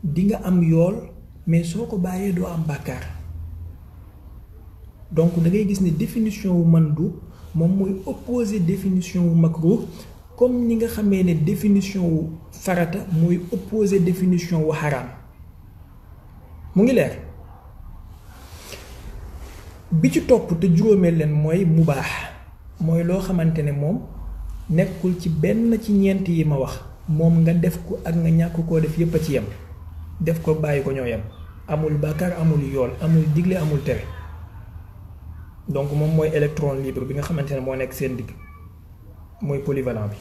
di nga am yool mais soo ko bàyyee doo am bàkkaar donc da ngay gis ne définition wu manduub moom mooy opposé définition wu mag makruh comme ni nga xamee ne définition wu farata mooy opposé définition wu xaraam mu ngi leer bi ci topp te juróomeel leen mooy mu baax mooy loo xamante ne moom nekkul ci benn ci ñeent yi ma wax moom nga def ko ak nga ñàkk koo def yépp a ci yem def ko bàyyi ko ñoo yem amul bàkkaar amul yool amul digle amul tere donc moom mooy électron libre bi nga xamante ne moo nekk seen digg mooy polyvalent bi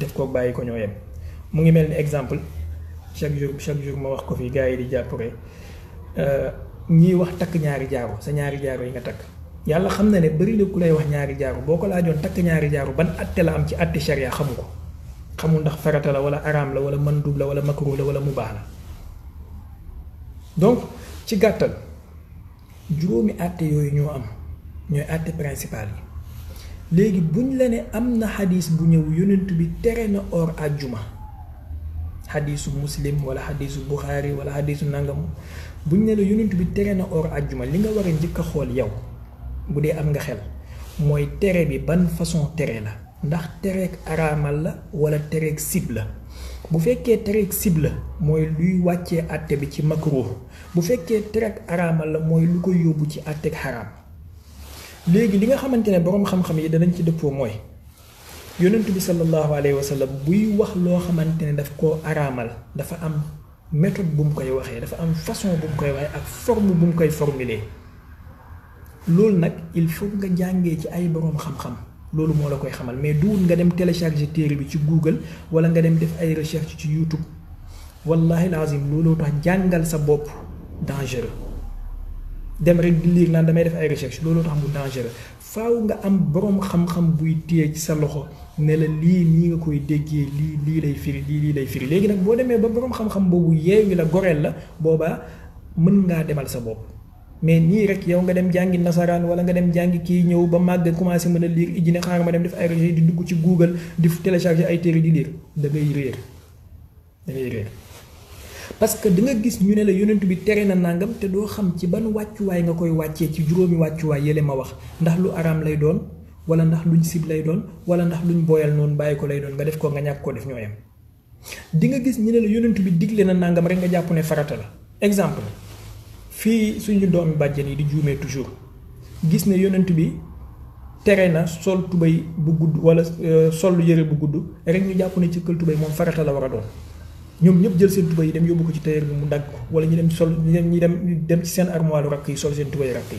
def ko bàyyi ko ñoo yem mu ngi mel ni exemple chaque jour chaque jour ma wax ko fi gars yi di jàpp Eh, ñi wax takk ñaari jaaru sa ñaari jaaru yi nga takk yàlla xam na ne bari na ku lay wax ñaari jaaru boo ko laajoon takk ñaari jaaru ban atte la am ci atte sharia xamu ko xamu ndax farata la wala aram la wala mandub la wala makruh la wala mubah la donc ci gàttal juróomi atte yooyu ñoo am ñooy atte principal yi léegi buñ la ne am na xadis bu ñëw yonent bi tere na or àjjuma xadisu muslim wala xadisu bukhari wala xadisu nangam buñ ne la yonent bi tere na or àjjuma li nga war a njëkk a xool yow bu dee am nga xel mooy tere bi ban façon tere la ndax tereeg araamal la wala tereeg sib la bu fekkee tereeg sib la mooy luy wàccee àtte bi ci makruh bu fekkee tereeg araamal la mooy lu ko yóbbu ci àtteeg xaraam léegi li nga xamante ne boroom xam-xam yi danañ ci dëppoo mooy yonent bi sallallahu alayhi wa buy wax loo xamante ne daf koo araamal dafa am méthode bu mu koy waxee dafa am façon bu mu koy waxee ak forme bu mu koy formuler loolu nag il faut nga jàngee ci ay borom xam-xam loolu moo la koy xamal mais duwul nga dem télécharger téere bi ci Google wala nga dem def ay recherche ci YouTube wallahi lazim looloo tax jàngal sa bopp dangereux dem rek di lire naan damay def ay recherche looloo tax mu dangereux faaw nga am borom xam-xam buy téye ci sa loxo. ne la lii nii nga koy déggee lii lii lay firi lii lii lay firi léegi nag boo demee ba boroom xam-xam boobu yeewi la goreel la boobaa mën ngaa demal sa bopp mais nii rek yow nga dem jàngi nasaraan wala nga dem jàngi kii ñëw ba màgg commencé mën a liir ijji xaaral ma dem def ay recherche di dugg ci Google di télécharger ay téere di liir da ngay réer da ngay parce que da nga gis ñu ne la yonent bi tere na nangam te doo xam ci ban wàccuwaay nga koy wàccee ci juróomi wàccuwaay yële ma wax ndax lu araam lay doon wala ndax luñ sib lay doon wala ndax luñ booyal noonu bàyyi ko lay doon nga def ko nga ñàkk ko def ñooyam yem di nga gis ñu ne la yonent bi digle na nangam rek nga jàpp ne farata la exemple fii suñu doomi bàjjen yi di juumee toujours gis ne yonent bi tere na sol tubéy bu gudd wala euh, sol yëre bu gudd rek ñu jàpp ne cëkkal tubéy moom farata la war a doon ñoom ñëpp jël seen tubéy yi dem yóbbu ko ci tailleur bi mu dagg ko wala ñu dem sol ñu dem ñu dem ci seen armoire rakk yi sol seen tubéy rakk yi.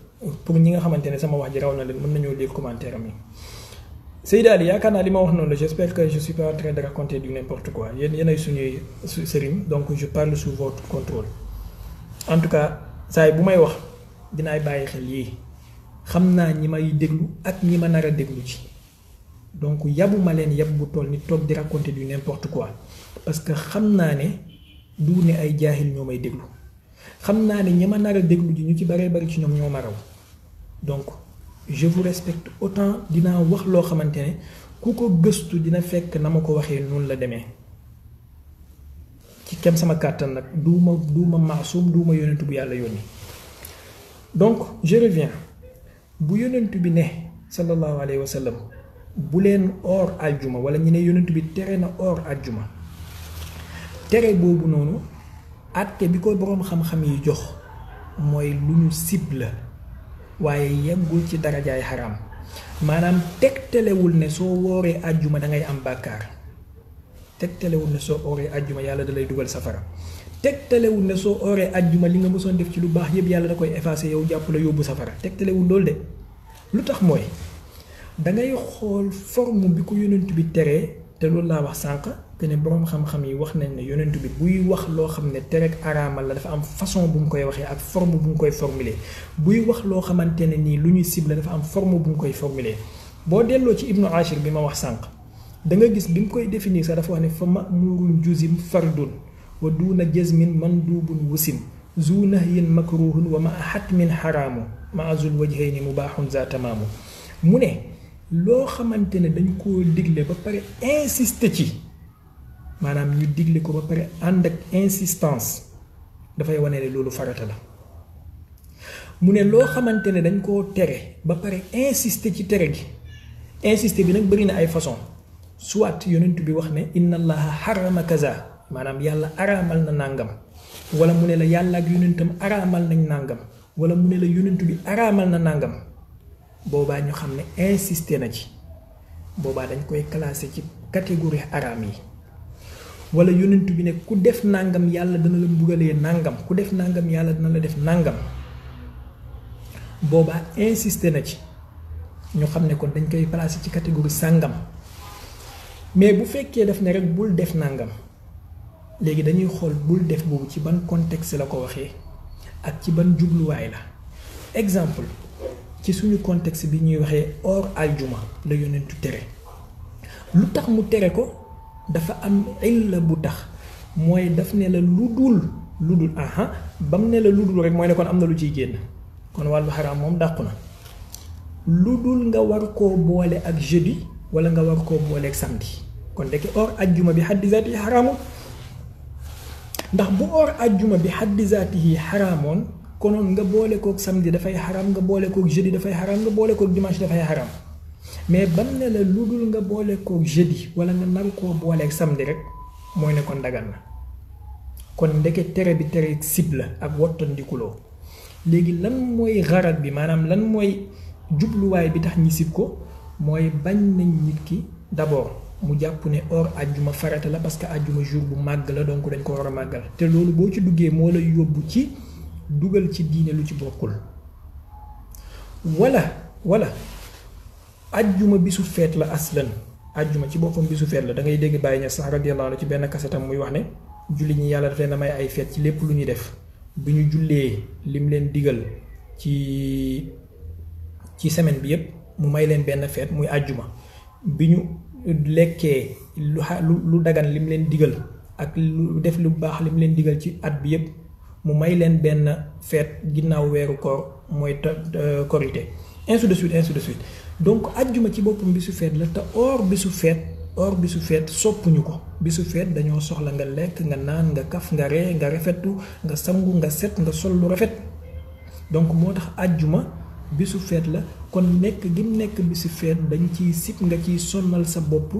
pour ñi nga xamante ne sama wax ji raw na leen mën nañoo lire commentaire mi yi Ali yaakaar naa li ma wax noonu la j' espère que je suis pas en train de raconter du n'importe quoi yéen yéenay suñuy sëriñ donc je parle sous votre contrôle en tout cas saa bu may wax dinaay bàyyi xel yii xam naa ñi may déglu ak ñi ma nar a déglu ci donc yabu ma leen yab bu toll ni toog di raconter du n'importe quoi parce que xam naa ne du ne ay jaahil ñoo may déglu xam naa ne ñi ma nar a déglu ji ñu ci baree bari ci ñoom ñoo ma raw donc je vous respecte autant dinaa wax loo xamante ne ku ko gëstu dina fekk na ma ko waxee noonu la demee ci kem sama kàttan nag duuma duuma maasum duuma yonent bu yàlla yónni donc je reviens bu yonent bi ne sallallahu alayhi wa sallam bu leen or àjjuma wala ñu ne yonent bi tere na or àjjuma tere boobu noonu àtte bi ko boroom xam-xam yi jox mooy lu ñu sib la waaye yeggul ci darajaay xaram maanaam teg telewul ne soo wooree àjjuma da ngay am bàkkaar tegtalewul ne soo ooree àjjuma yàlla da lay dugal safara tegtalewul ne soo ooree àjjuma li nga mosoon def ci lu baax yëpp yàlla da koy effacé yow jàpp la yóbbu safara tegtalewul loolu de lu tax mooy dangay xool forme bi ko yonent bi teree te loolu laa wax sànq que ne borom xam-xam yi wax nañ ne yonent bi buy wax loo xam ne terek araamal la dafa am façon bu mu koy waxee ak forme bu mu koy formuler buy wax loo xamante ne nii lu ñuy cible dafa am forme bu mu koy formuler boo delloo ci ibnu ashir bi ma wax sànq da nga gis bi mu koy définir sax dafa wax ne fa ma mamurun juzim fardun wa duuna jazmin mandubun wusin zu nahyin makruhun wa ma hatmin haramu ma azul wajhayni mubahun za tamamu mu ne loo xamante ne dañ koo digle ba pare insister ci maanaam ñu digle ko ba pare ànd ak insistance dafay wane ne loolu farata la mu ne loo xamante ne dañ koo tere ba pare insister ci tere gi insister bi nag bëri na ay façon soit yonent bi wax ne inna allaha harama kaza maanaam yàlla araamal na nàngam wala mu ne la yàlla ak yonentam araamal nañ nàngam wala mu ne la yonent bi araamal na nàngam boobaa ñu xam ne insister na ji boobaa dañ koy classé ci catégorie araam yi wala yonent bi ne ku def nangam yàlla dana la mbugalee nangam ku def nangam yàlla dana la def nangam boobaa insisté na ci ñoo xam ne ko dañ koy placé ci catégorie sàngam mais bu fekkee daf ne rek bul def nangam léegi dañuy xool bul def boobu ci ban contexte la ko waxee ak ci ban jubluwaay la exemple ci suñu contexte bi ñuy waxee or aljuma la yonentu tere lu tax mu tere ko. dafa am illa bu tax mooy daf ne la ludul ludul aha bam ne la ludul rek mooy ne kon am na lu ciy génn kon wàllu xaraam moom dàqu na lu nga war koo boole ak jeudi wala nga war koo boole ak samedi kon ndeke or ajjuma bi xaddi zaati yi ndax bu or ajjuma bi xaddi zaati yi xaraamoon konoon nga boole koog samedi dafay xaraam nga boole koog jeudi dafay xaraam nga boole koog dimanche dafay xaraam mais bam ne la lu dul nga boole kook jeudi wala nga naru koo booleeg samedi rek mooy ne kon dagan na kon ndeke tere bi tere sib la ak wattandikuloo léegi lan mooy xaral bi maanaam lan mooy jubluwaay bi tax ñi sib ko mooy bañ nañ nit ki d'abord mu jàpp ne or ajjuma farata la parce que ajjuma jour bu màgg la donc dañ ko war a màggal te loolu boo ci duggee moo lay yóbbu ci dugal ci diine lu ci bokkul wala wala aljuma bisu fet la aslan aljuma ci bopam bisu fet la da ngay deg bayina sa radiyallahu anhu ci ben kasetam muy wax ne julli ñi yalla daf may ay fet ci lepp lu ñuy def biñu julle lim leen digal ci ci semaine bi yeb mu may leen ben fet muy aljuma biñu lekke lu lu dagan lim leen digal ak lu def lu bax lim leen digal ci at bi yeb mu may leen ben fet ginnaaw wéru koor moy euh, korité ainsi de suite ainsi de suite donc aljuma ci boppam bisu feet la ta or bisu feet or bisu feet soppuñu ko bisu feet dañoo soxla nga lek nga naan nga kaf nga re nga refetu nga sangu nga set nga sol lu donc motax aljuma bisu feet la kon nek gim nek bisu feet dañ ci sip nga ci sonnal sa bop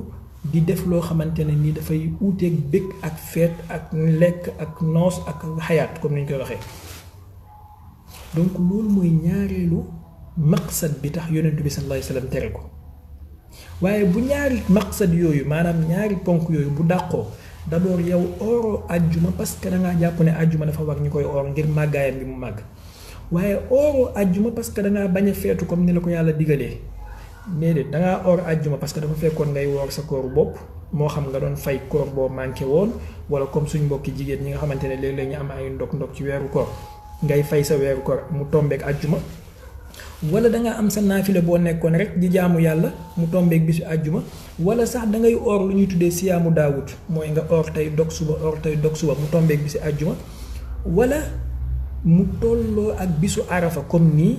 di def xamantene ni da fay dafay ak bëgg ak feet ak lek ak nos ak hayat comme niñ ko waxee donc lool moy ñaarelu maqsad bi tax yonentu bi sallallahu alayhi wasallam tere ko waye bu ñaari maqsad yoyu manam ñaari ponk yoyu bu dako d'abord yow oro aljuma parce que da nga japp ne orang dafa war ñu koy oor ngir magayam bi mu mag waye oro aljuma parce que da nga baña fetu comme ni la ko yalla digalee déedéet da nga or aljuma parce que dafa fekkon ngay wor sa koor bop mo xam nga don fay koor bo manqué won wala comme suñ mbokki jigéen ñi nga am ay ndok ndok ci wéru koor ngay fay sa wéru koor mu tombeek aljuma wala da nga am sa naafile boo nekkoon rek di jaamu yàlla mu tombeeg bisu àjjuma wala sax dangay ngay or lu ñuy tuddee siyaamu daawut mooy nga or tey dog suba or tey dog suba mu tombeeg bisu àjjuma wala mu tolloo ak bisu arafa comme nii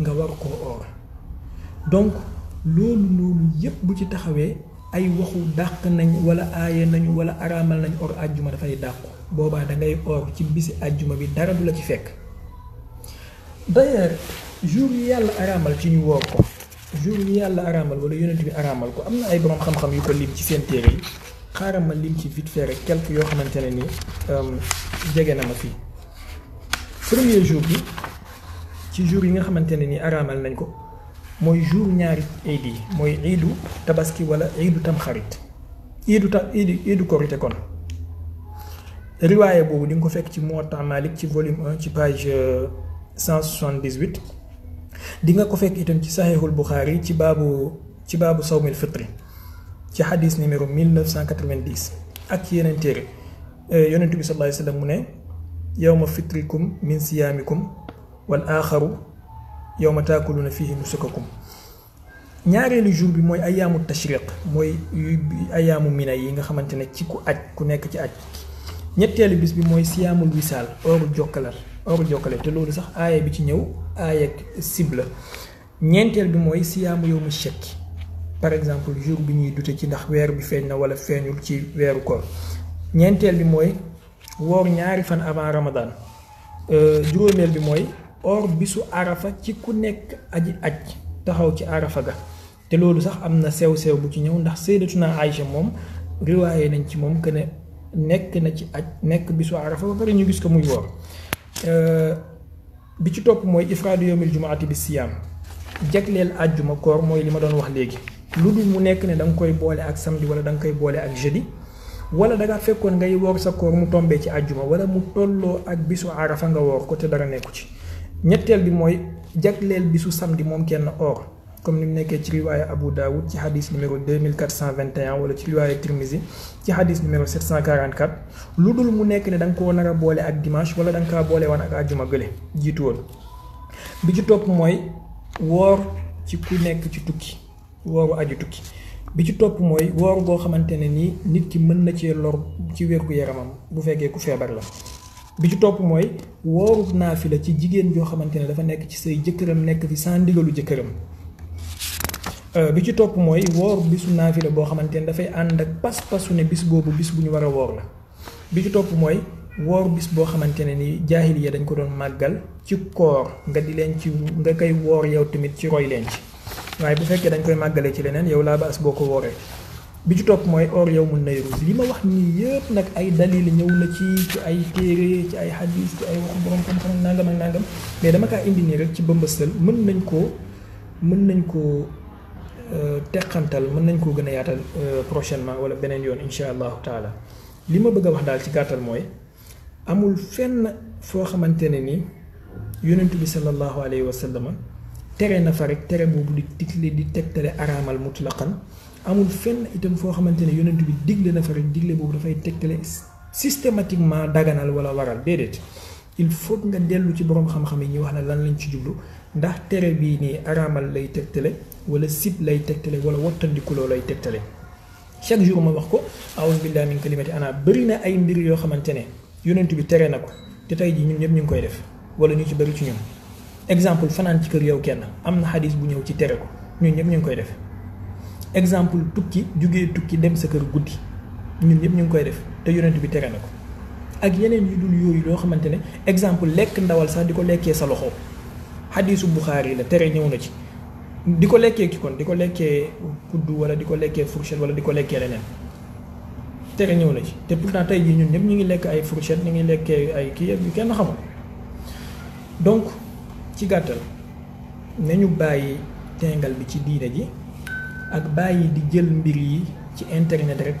nga war koo or donc loolu loolu yépp bu ci taxawee ay waxu dàq nañ walla aaye nañu wala araamal nañ or àjjuma dafay dàqu boobaa da ngay or ci bisi àjjuma bi dara du la ci fekk jour yàlla aramal ci ñu woor ko jour yi yàlla aramal wala yonent bi aramal ko am na ay borom xam-xam yu ko lim ci seen téere yi xaaral lim ci vite fait rek quelque yoo xamante ne ni jege na ma fii premier jour bi ci jour yi nga xamante ne ni aramal nañ ko mooy jour ñaari iid yi mooy iidu tabaski wala tam tamxarit iidu ta iidu iidu korite kon riwaaye boobu di nga ko fekk ci Muwatta Malik ci volume 1 ci page 178 di nga ko fekk itam ci saxiixul Buxaari ci baabu ci baabu sawmil fitri ci xadis numéro 1990 ak ci yeneen téere euh, yonent bi sallallahu alayhi mu ne yawma fitrikum min siyaamikum wal aaxaru yawma taakuluuna fiihi nusukakum ñaareelu jour bi mooy ayaamu tashriq mooy ayaamu mina yi nga xamante ne ci ku aj ku nekk ci aj ñetteelu bis bi mooy siyaamul wisaal ooru jokkalal amul jokkale te loolu sax aaya bi ci ñëw aaya sible sib ñeenteel bi mooy siyaamu yow mu chekki par exemple jour bi ñuy dute ci ndax weer bi feeñ na wala feeñul ci weeru koor ñeenteel bi mooy woor ñaari fan avant ramadan euh, juróomeel bi mooy or bisu arafa ci ku nekk aji aj taxaw ci arafa ga te loolu sax am na sew sew bu ci ñëw ndax naa Aïcha moom riwaaye nañ ci moom que ne nekk na ci aj nekk bisu arafa ba pare ñu gis ko muy woor Euh, bi ci topp mooy ifraadu yowmil jumaati bi siyaam jagleel àjjuma koor mooy li ma doon wax léegi lu dul mu nekk ne da nga koy boole ak samedi wala danga koy boole ak jeudi wala da fekkoon ngay woor sa koor mu tombee ci àjjuma wala mu tolloo ak bisu arafa nga woor ko te dara nekku ci ñetteel bi mooy jagleel bisu samedi moom kenn or comme ni mu nekkee ci riwaaya Abu Dawud ci xadis numéro 2421 wala ci riwaaya Tirmizi ci xadis numéro 744 lu dul mu nekk ne da ko koo nar a boole ak dimanche wala da nga kaa boole woon ak àjjuma gële jiitu woon bi ci topp mooy woor ci ku nekk ci tukki wooru aju tukki bi ci topp mooy woor goo xamante ne nii nit ki mën na cee lor ci wér-gu-yaramam bu fekkee ku feebar la bi ci topp mooy wooru naafila ci jigéen joo xamante ne dafa nekk ci say jëkkëram nekk fi sans ndigalu jëkkëram Euh, bi ci topp mooy woor bisu naafila boo xamante ne dafay ànd ak pas-pasu ne bis boobu bis bu ñu war a woor la bi ci topp mooy woor bis boo xamante ne ni jaahiliya dañ ko doon màggal ci koor nga di leen ci nga koy woor yow tamit ci roy leen ci waaye bu fekkee dañ koy màggalee ci leneen yow laa baas boo ko wooree bi ci topp mooy or yow mun nayrus li ma wax nii yëpp nag ay dalil ñëw na ci ci ay téere ci ay hadis ci ay waxu borom xam-xam nangam mais dama indi nii rek ci bëmbëstal mën nañ koo nañ koo. Euh, teqantal mën nañ koo gën a yaatal euh, prochainement wala beneen yoon incha allahu taala li ma bëgg a wax daal ci gàttal mooy amul fenn foo xamante ne ni yonent bi sallallahu alayhi wa sallam tere na fa tere boobu di digle di tegtale araamal mutlaqan amul fenn itam foo xamante ne yonent bi digle na fa digle boobu dafay tegtale systématiquement daganal wala waral déedéet il faut nga dellu ci boroom xam-xam yi ñuy wax ne lan lañ ci jublu ndax tere bii nii araamal lay tegtale wala sib lay tegtale wala wattandikuloo lay tegtale chaque jour ma wax ko aawuzu billahi min kalimati ana bëri na ay mbir yoo xamante ne yonent bi tere na ko te tey jii ñun ñëpp ñu ngi koy def wala ñu ci bëri ci ñun exemple fanaan ci kër yow kenn am na xadis bu ñëw ci tere ko ñun ñëpp ñu ngi koy def exemple tukki jógee tukki dem sa kër guddi ñun ñëpp ñu ngi koy def te yonent bi tere na ko ak yeneen yu dul yooyu loo xamante ne exemple lekk ndawal sax di ko lekkee sa loxo. xadiisu Buxaari la tere ñëw na ci di ko lekkee ki kon di ko lekkee kuddu wala di ko lekkee fourchette wala di ko lekkee leneen tere ñëw na ci te pourtant tey jii ñun ñëpp ñu ngi lekk ay fourchette ñu ngi lekkee ay kii yu kenn xamul donc ci gàttal ñu bàyyi tengal bi ci diine ji ak bàyyi di jël mbir yi ci internet rek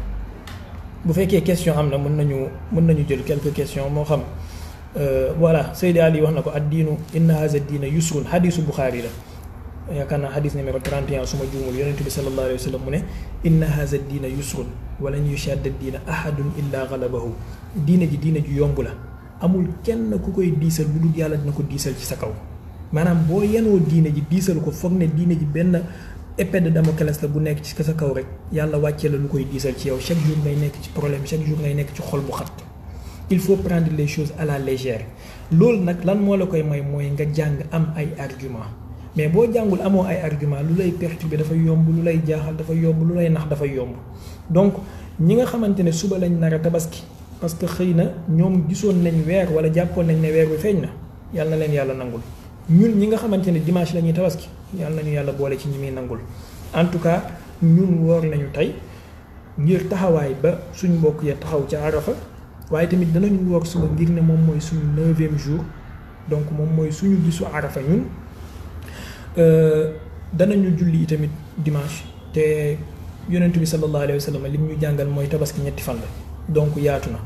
bu fekkee question am na mën nañu mën nañu jël quelques questions moo xam voilà Seydi Ali wax na ko ad diinu inna haza diina yusrun hadisu Buxaari la yaakaar naa hadis numéro 31 su ma juumul yonent bi sallallahu alayhi wa sallam mu ne inna haza diina yusrun walan yushadda diina ahadun illa galabahu diina ji diina ju yomb la amul kenn ku koy diisal lu dul yàlla dina ko diisal ci sa kaw maanaam boo yenoo diine ji diisal ko foog ne diine ji benn épée de Damoclès la bu nek ci sa kaw rek yalla wàccee la lu koy diisal ci yow chaque jour ngay nek ci problème chaque jour ngay nek ci xol bu xat il faut prendre les choses à la légère loolu nak lan mo la koy may moy nga jang am ay argument mais bo jangul amo ay argument lu lay perturber dafa yomb lu lay jaaxal dafa yomb lu lay nax dafa yomb donc ñi nga xamante ne suba lañ nar a tabaski parce que xeyna ñom ñoom gisoon nañ weer wala jàppoon nañ ne weer bi feñna yalla na leen yalla nangul ñun ñi nga xamante ne dimanche la ñuy tabaski yàlla nañu yàlla boole ci ñi muy nangul en tout cas ñun woor nañu tey ngir taxawaay ba suñ mbokk ya taxaw ca Arafa waaye tamit danañu woor suba ngir ne moom mooy suñu neuvième jour donc moom mooy suñu bisu Arafa ñun euh, danañu julli tamit dimanche te yonent bi sallallahu alayhi wa sallam lim ñu jàngal mooy tabaski ñetti fan la donc yaatu na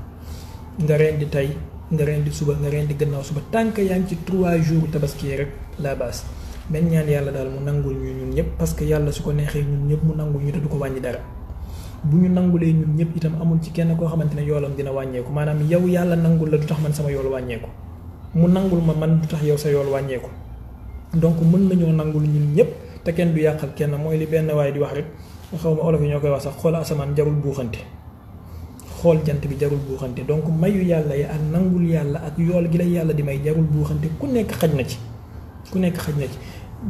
nga rendi tey nga rendi suba nga rendi gannaaw suba tank yang ci 3 jours tabaski rek la bas ben ñaan yalla dal mu nangul ñu ñun ñep parce que yalla su ko nexé ñun ñep mu nangul ñu du ko wañi dara bu ñu nangulé ñun ñep itam amul ci kenn ko xamantene yoolam dina ko manam yow yalla nangul la du tax man sama wañé ko mu nangul ma man du tax yow sa wañé ko donc mën nañu nangul ñun ñep te kenn du yakal kenn moy li ben way di wax rek xawma olof ñokoy wax sax xol asaman jarul buxante xool jant bi jarul buuxante donc mayu yàlla yi ak nangul yàlla ak yool gi la yàlla di may jarul buuxante ku nekk xaj na ci ku nekk xaj na ci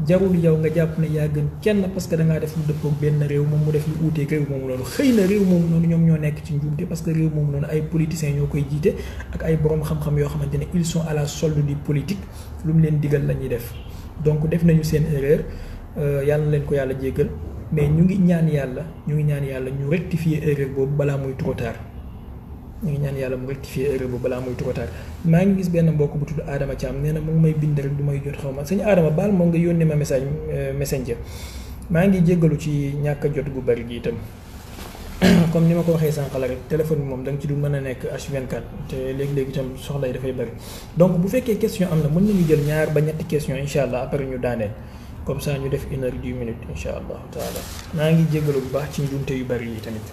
jarul yow nga jàpp ne yaa gën kenn parce que da def lu dëppoo benn réew moom mu def lu uuteeg réew moomu noonu xëy na réew moomu noonu ñoom ñoo nekk ci njuumte parce que réew moomu noonu ay politiciens ñoo koy jiite ak ay boroom xam-xam yoo xamante ne ils sont à la solde du politique lu mu leen digal la def donc def nañu seen erreur euh, yàlla leen ko yàlla jéggal mais ñu ngi ñaan yàlla ñu ngi ñaan yàlla ñu rectifier erreur boobu balaa muy trop tard. ñu ngi ñaan yàlla mu rectifier erreur bu balaa muy trop tard maa ngi gis benn mbokk bu tudd Adama Thiam nee na mu ngi may bind rek du may jot xaw ma sëñ Adama baal moom nga yónnee ma message euh, messenger maa ngi jéggalu ci ñàkk jot gu bari gi itam comme ni ma ko waxee sànq rek téléphone bi moom da ci du mën a nekk H24 te léegi-léegi itam soxla yi dafay bëri donc bu fekkee question am na mën nañu jël ñaar ba ñetti question incha allah après ñu daaneel comme ça ñu def une heure dix minutes incha allah taala ngi jéggalu bu baax ci yu bëri yi tamit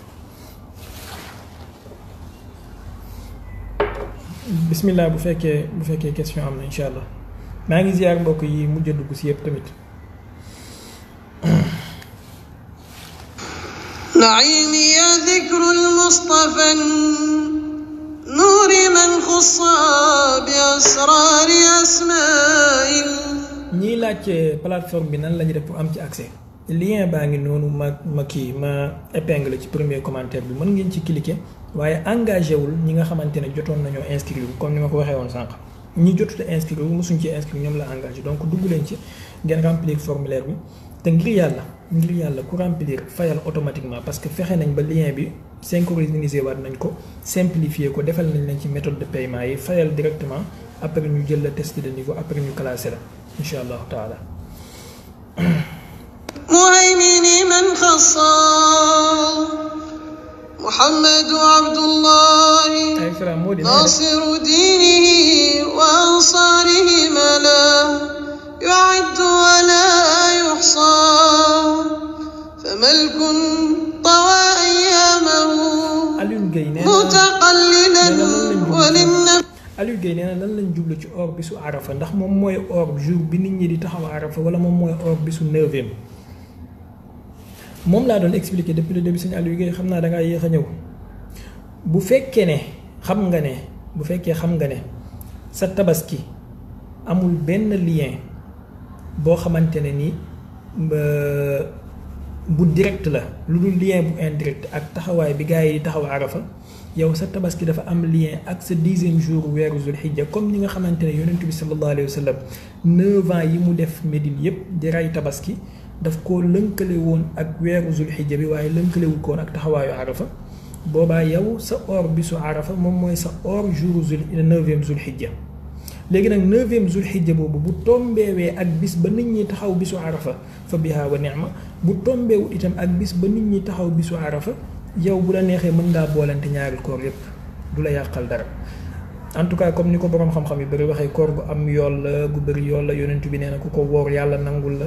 bismillah bu fekkee bu fekkee question am na incha allah maa ngi ziar mbokk yi mujj a dugg si yëpp tamit. نعيمي يا ذكر المصطفى نور من خص بأسرار أسماء ñii laajte plateforme bi nan la ñu def pour am ci accès lien baa ngi noonu ma ma kii ma épingle ci premier commentaire bi mën ngeen ci cliquer waaye engagé wul ñi nga xamante ne jotoon nañoo inscrire comme ni ma ko waxee woon sànq ñi jotute inscrire wu mosuñ ci inscrire ñoom la engagé donc dugg leen ci ngeen remplir formulaire bi te ngir yàlla ngir yàlla ku remplir fayal automatiquement parce que fexe nañ ba lien bi synchronisé waat nañ ko simplifier ko defal nañ leen ci méthode de paiement yi fayal directement après ñu jël la test de niveau après ñu classé la incha allahu taala. محمد عبد الله ناصر دينه وأنصاره ملا يعد ولا يحصى فملك طوى أيامه متقللا وللنفس Aliou Gueye lan lañ jublu ci or bisu arafa ndax moom mooy or jour bi nit ñi di taxaw arafa wala moom mooy or bisu neuvième mom la doon expliquer depuis le début seigne Aliou Guèye xamna da nga yexa ñëw bu fekke ne xam nga ne bu fekke xam nga ne sa tabaski amul ben lien bo xamantene ni bu direct la lu dul lien bu indirect ak taxaway bi gaay yi taxaw arafa yow sa tabaski dafa am lien ak sa 10e jour wéru zul hijja comme ñi nga xamantene ne bi sallallahu alayhi wasallam 9 ans yi mu def Médine yépp di ray tabaski daf ko lënkale woon ak weeru zulxijja bi waaye lënkalewul koon ak taxawaayu arafa boobaa yow sa or bisu arafa moom mooy sa or jour zul neuvième zulxijja léegi nag neuvième zulxijja boobu bu tombeewee ak bis ba nit ñi taxaw bisu arafa fa biha wa ma bu tombeewul itam ak bis ba nit ñi taxaw bisu arafa yow bu la neexee mën ngaa boolante ñaari koor yépp du la yàqal dara en tout cas comme ni ko boroom xam-xam yi bëri waxee koor gu am yool la gu bëri yool la yonent bi nee na ku ko woor yàlla nangul la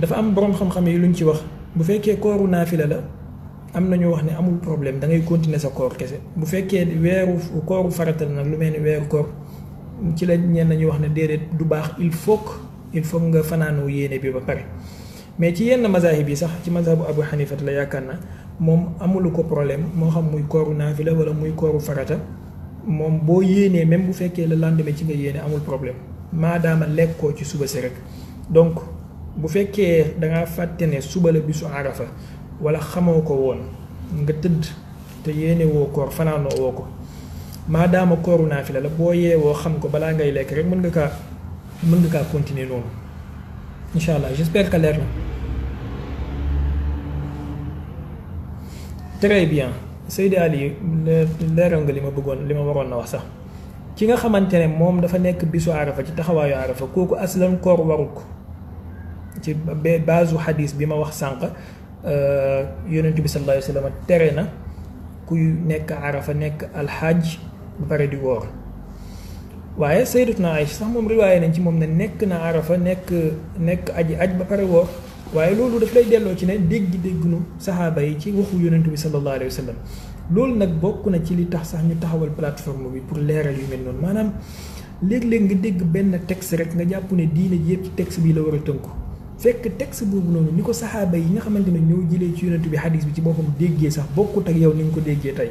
dafa am borom xam-xam yi luñ ci wax bu fekkee kooru naafila la am na ñu wax ne amul problème da ngay continuer sa koor kese bu fekkee weeru kooru farata la nag lu mel ni weeru koor ci la ñeen ñu wax ne déedéet du baax il faut il faut nga fanaanu yéene bi ba pare mais ci yenn mazahib yi sax ci mazhabu abu xanifat la yaakaar na moom amulu ko problème moo xam muy kooru naafi la wala muy kooru farata moom boo yéenee même bu fekkee la lendemain ci nga yéene amul problème maadaama lekkoo ci suba si rek donc bu fekkee dangaa fàtte ne suba la bisu arafa wala xamoo ko woon nga tëdd te yéene woo koor fanaanoo woo ko maadaama kooru naafila la boo yeewoo xam ko balaa ngay lekk rek mën nga kaa mën nga kaa continuer noonu incha allah j'espère que leer na très leeral nga li ma bëggoon li ma waroon na wax sax ki nga xamante ne moom dafa nekk bisu arafa ci taxawaayu arafa kooku aslan koor waru ko ci base hadith bima ma wax sànq yonent bi sallallahu alayhi wasallam tere na kuy nek arafa nek al hajj ba pare di wor waye sayyidatuna aisha sax mom riwaya nañ ci mom ne nek na arafa nek nek aji aj ba pare wor waye loolu daf lay delo ci ne deg deg nu sahaba yi ci waxu yonentou bi sallallahu alayhi wasallam sallam nak bokku na ci li tax sax ñu taxawal plateforme bi pour leral yu mel non manam leg leg nga deg ben texte rek nga jàpp ne diine yeb ci texte bi la wara a tënku fekk texte boobu noonu ni ko saxaaba yi nga xamante ne ñoo jëlee ci yonent bi xadis bi ci boppam déggee sax bokkut ak yow ni nga ko déggee tey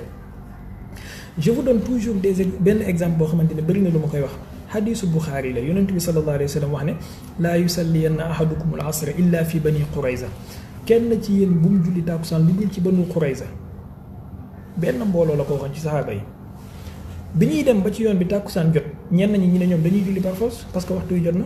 je vous donne toujours des benn exemple boo xamante ne bëri na lu ma koy wax xadisu buxaari la yonent bi sallallahu alayhi wa sallam wax ne laa yusalliyanna ahadukum al asra illa fi bani qurayza kenn ci yéen bu mu julli tàkkusaan lu dul ci banu qurayza benn mbooloo la ko waxoon ci saxaaba yi bi ñuy dem ba ci yoon bi tàkkusaan jot ñenn ñi ñi ne ñoom dañuy julli par force parce que waxtu wi jot na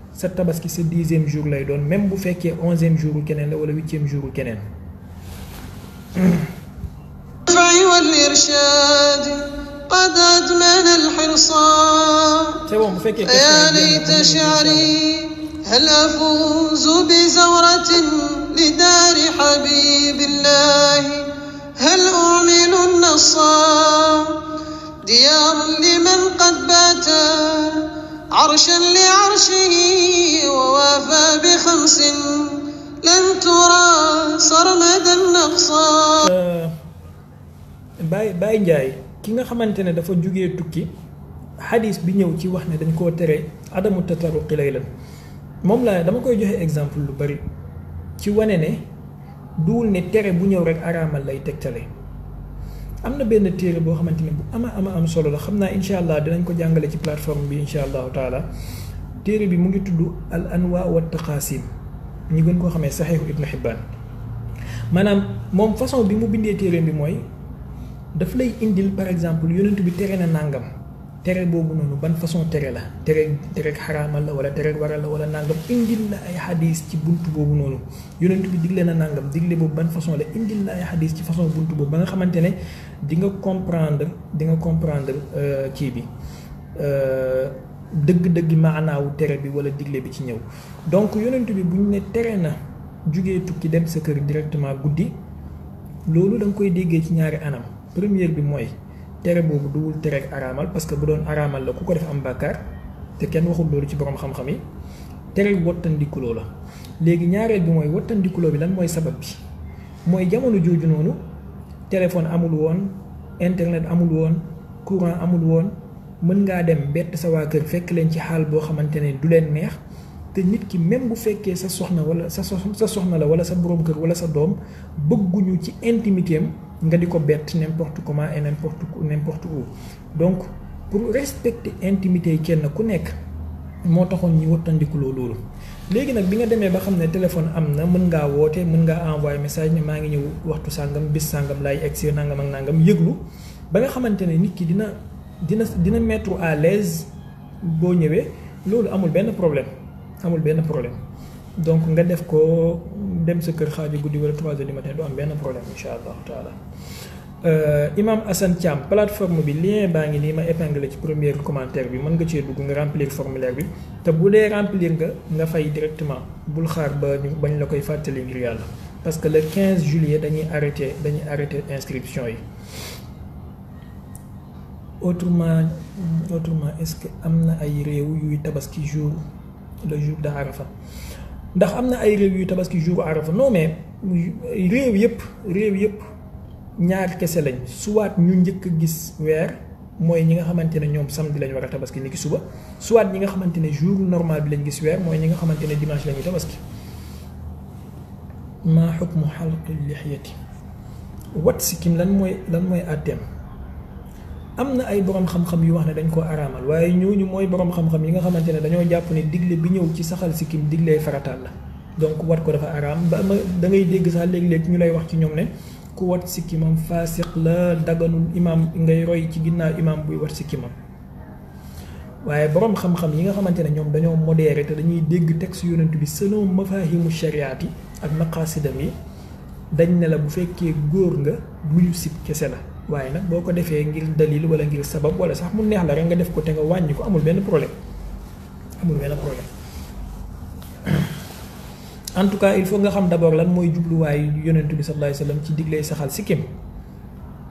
sa tabaski sa dixième jour lay doon même bu fekkee onzième jour keneen la wala huitième jour keneen C'est bon, vous faites ليت شعري هل أفوز بزورة لدار حبيب الله هل أعمل النصار ديار لمن قد باتا عرشا لعرشه ووافى بخمس لن ترى سرمدا نقصا آه، باي باي جاي كيغا خمانتيني دا فا جوغي توكي حديث بي نيو تي واخني دنج كو تري عدم التطرق ليلا موم لا داما كوي جوخي اكزامبل لو بري تي واني ني دول ني تري بو نيو رك ارامال لاي تكتالي am na benn téere boo xamante ne bu am ama am solo la xam naa incha allah dinañ ko jàngale ci plateforme bi incha allahu taala téere bi mu ngi tudd al anwa wa taqasim ñu gën koo xamee saxiixu ibnu xibbaan maanaam moom façon bi mu bindee téere bi mooy daf lay indil par exemple yonent bi tere na nàngam tere boobu noonu ban façon tere la tere tere xaraamal la wala tere waral la wala nangam indil la ay xadis ci bunt boobu noonu yonent bi digle na nangam digle boobu ban façon la indil la ay xadis ci façon bunt boobu ba nga xamante ne di nga comprendre di nga comprendre euh, kii bi euh, dëgg-dëgg maanaawu tere bi wala digle bi ci ñëw donc yonent bi bu ñu ne tere na jugee tukki dem sa kër directement guddi loolu da koy déggee ci ñaari anam première bi mooy. tere boobu duwul tere ak araamal parce que bu doon araamal la ku ko def am bàkkaar te kenn waxul loolu ci borom xam-xam yi tere wattandikuloo la léegi ñaareel bi mooy wattandikuloo bi lan mooy sabab bi mooy jamono jooju noonu téléphone amul woon internet amul woon courant amul woon mën ngaa dem bett sa waa kër fekk leen ci xaal boo xamante ne du leen neex te nit ki même bu fekkee sa soxna wala sa sa soxna la wala sa borom kër wala sa doom bëgguñu ci intimité nga di ko bett n'importe comment et n'importe n'importe où donc pour respecter intimité kenn ku nekk moo taxoon ñu wattandikuloo loolu léegi nag bi nga demee ba xam ne téléphone am na mën ngaa woote mën ngaa envoyer message ne maa ngi ñëw waxtu sàngam bis sàngam laay egg si nangam ak nangam yëglu ba nga xamante ne nit ki dina dina dina mettre à l'aise boo ñëwee loolu amul benn problème amul benn problème donc nga def ko dem sa kër xaaju guddi wala 3 heures du matin du am benn problème incha allahu taala euh, imam Assane Thiam plateforme bi lien baa ngi nii ma épinglé ci premier commentaire bi mën nga cee dugg nga remplir formulaire bi te bu dee remplir nga nga fay directement bul xaar ba ñu bañ la koy fàttali ngir yàlla parce que le 15 juillet dañuy arrêté dañuy arrêté inscription yi autrement autrement est-ce que am na ay réew yuy tabaski jour le jour de Arafat ndax am na ay réew yu tabaski jour arafa non mais réew yëpp réew yëpp ñaar kese lañ suwaat ñu njëkk gis weer mooy ñi nga xamante ne ñoom samedi lañu war a tabaski ni ki suba soit ñi nga xamante ne jour normal bi lañ gis weer mooy ñi nga xamante ne dimanche la ñuy tabaski maa xukmu xalqi lixyati wat sikkim lan mooy lan mooy àtteem amna ay borom xam-xam yu wax ne dañ ko araamal waaye ñooñu moy borom xam-xam yi nga xamantene ne dañoo jàpp ne digle bi ñëw ci saxal si kim diglee farataal la donc wat ko dafa aram ba da ngay dégg sax lég lég ñu lay wax ci ñom ne ku wat si kimam faasiq la daganul imam ngay roy ci ginnaaw imam buy wat si kimam waaye borom xam-xam yi nga xamantene ñom ñoom dañoo modéré te dañuy dégg texte yonent bi selon mafahimu shariaati ak maqasidami dañ ne la bu fekkee góor nga buñu sip kese la waaye nag boo ko defee ngir dalil wala ngir sabab wala sax mu neex la rek nga def ko te nga wàññi ko amul benn problème amul benn problème en tout cas il faut nga xam d'abord lan mooy jubluwaayu yonentu bi sallallahu alayhi wasallam ci diglee saxal sikkim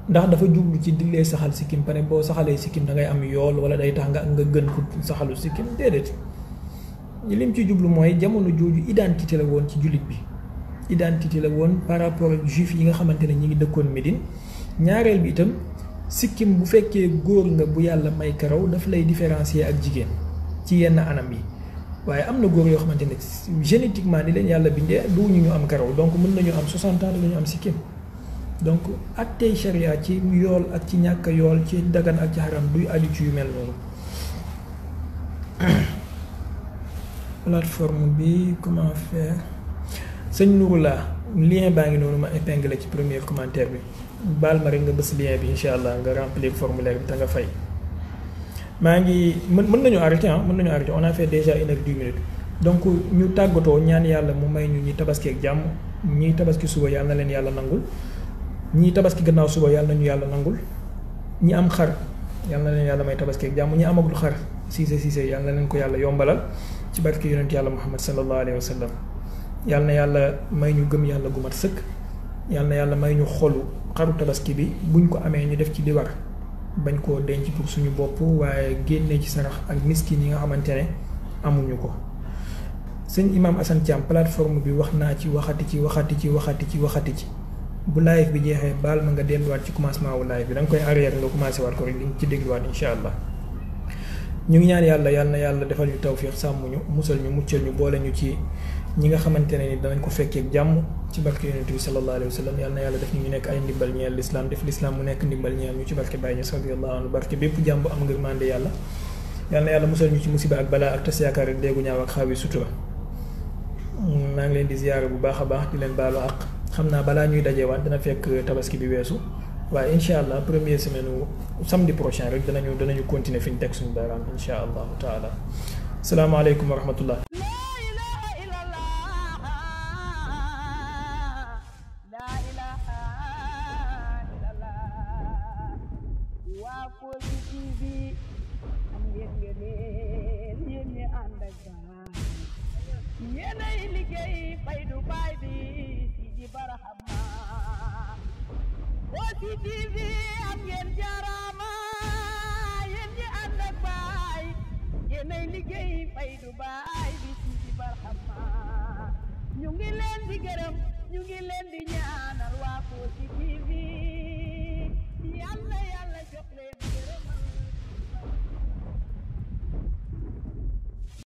ndax dafa jublu ci diglee saxal sikkim pare boo saxalee sikkim da ngay am yool wala day tax nga nga gën ko saxalu sikkim déedéet lim ci jublu mooy jamono jooju identité la woon ci jullit bi identité la woon par rapport ak juif yi nga xamante ñi ngi dëkkoon Médine ñaareel bi itam sikkim bu fekkee góor nga bu yàlla may karaw daf lay différencier ak jigéen ci yenn anam yi waaye am na góor yoo xamante ne génétiquement ni leen yàlla bindee duñu ñu am karaw donc mën nañu am 60 ans dañu am sikkim donc attey sharia ci yool ak ci ñàkk yool ci dagan ak ci xaram duy aju yu mel noonu plateforme bi comment faire sëñ Nouroula lien baa ngi noonu ma épinglé ci premier commentaire bi baal ma rek nga bës lien bi incha allah nga remplir formulaire bi te nga fay. maa ngi mën mën nañu arrêté ah, mën nañu arrêté on a fait déjà une heure dix minutes ñu tàggatoo ñaan yàlla mu may ñu ñi tabaski ak jàmm ñi tabaski suba yàlla na leen yàlla nangul ñi tabaski gannaaw suba yàlla na ñu yàlla nangul ñi am xar yàlla na leen yàlla may tabaski ak jàmm ñi amagul xar siise siise yàlla na leen ko yàlla yombalal ci barke yonent yàlla muhammad sallallahu alayhi wa sallam yàlla na yàlla may ñu gëm yàlla gu mat yàlla may ñu xolu xaru tabaski bi buñ ko amee ñu def ci di bañ koo denc pour suñu bopp waaye génne ci sarax ak miskin yi nga xamante ne amuñu ko sëñ Imam Assane Thiam plateforme bi wax naa ci waxati ci waxati ci waxati ci waxati ci bu live bi jeexee baal ma nga delluwaat ci commencement wu live bi da koy arrière nga commencé waat ko rek liñ ci dégluwaat incha allah ñu ngi ñaar yàlla yàlla na yàlla defal ñu tawfiix sàmm ñu musal ñu muccal ñu boole ñu ci. ñi nga xamantene ni dañ ko fekkee jamm ci barke yunus Sallallahu Alaihi Wasallam yalla na yalla def ñu nek ay ndimbal ñeel l'islam def l'islam mu nek ndimbal ñeel ñu ci barke bàyyi ñu sallallahu alaihi barke bepp jamm am ngir mande yalla yalla na yalla musal ñu ci musiba ak bala ak tas yaakaar degu ñaaw ak xawi sutura ma ngi leen di bu baax di leen balu ak xamna bala ñuy dajé waat dana fekk tabaski bi wessu wa insha allah première semaine samedi prochain rek danañu danañu continuer fiñ tek suñu insha taala taala alaykum wa rahmatullah Kossy TV am ngeen jaaraama yéen ñi ànd baay yéenay liggéey fay du baay bi ci barxama ñu ngi gërëm ñu ngi leen di ñaanal waa Kossy TV yàlla yàlla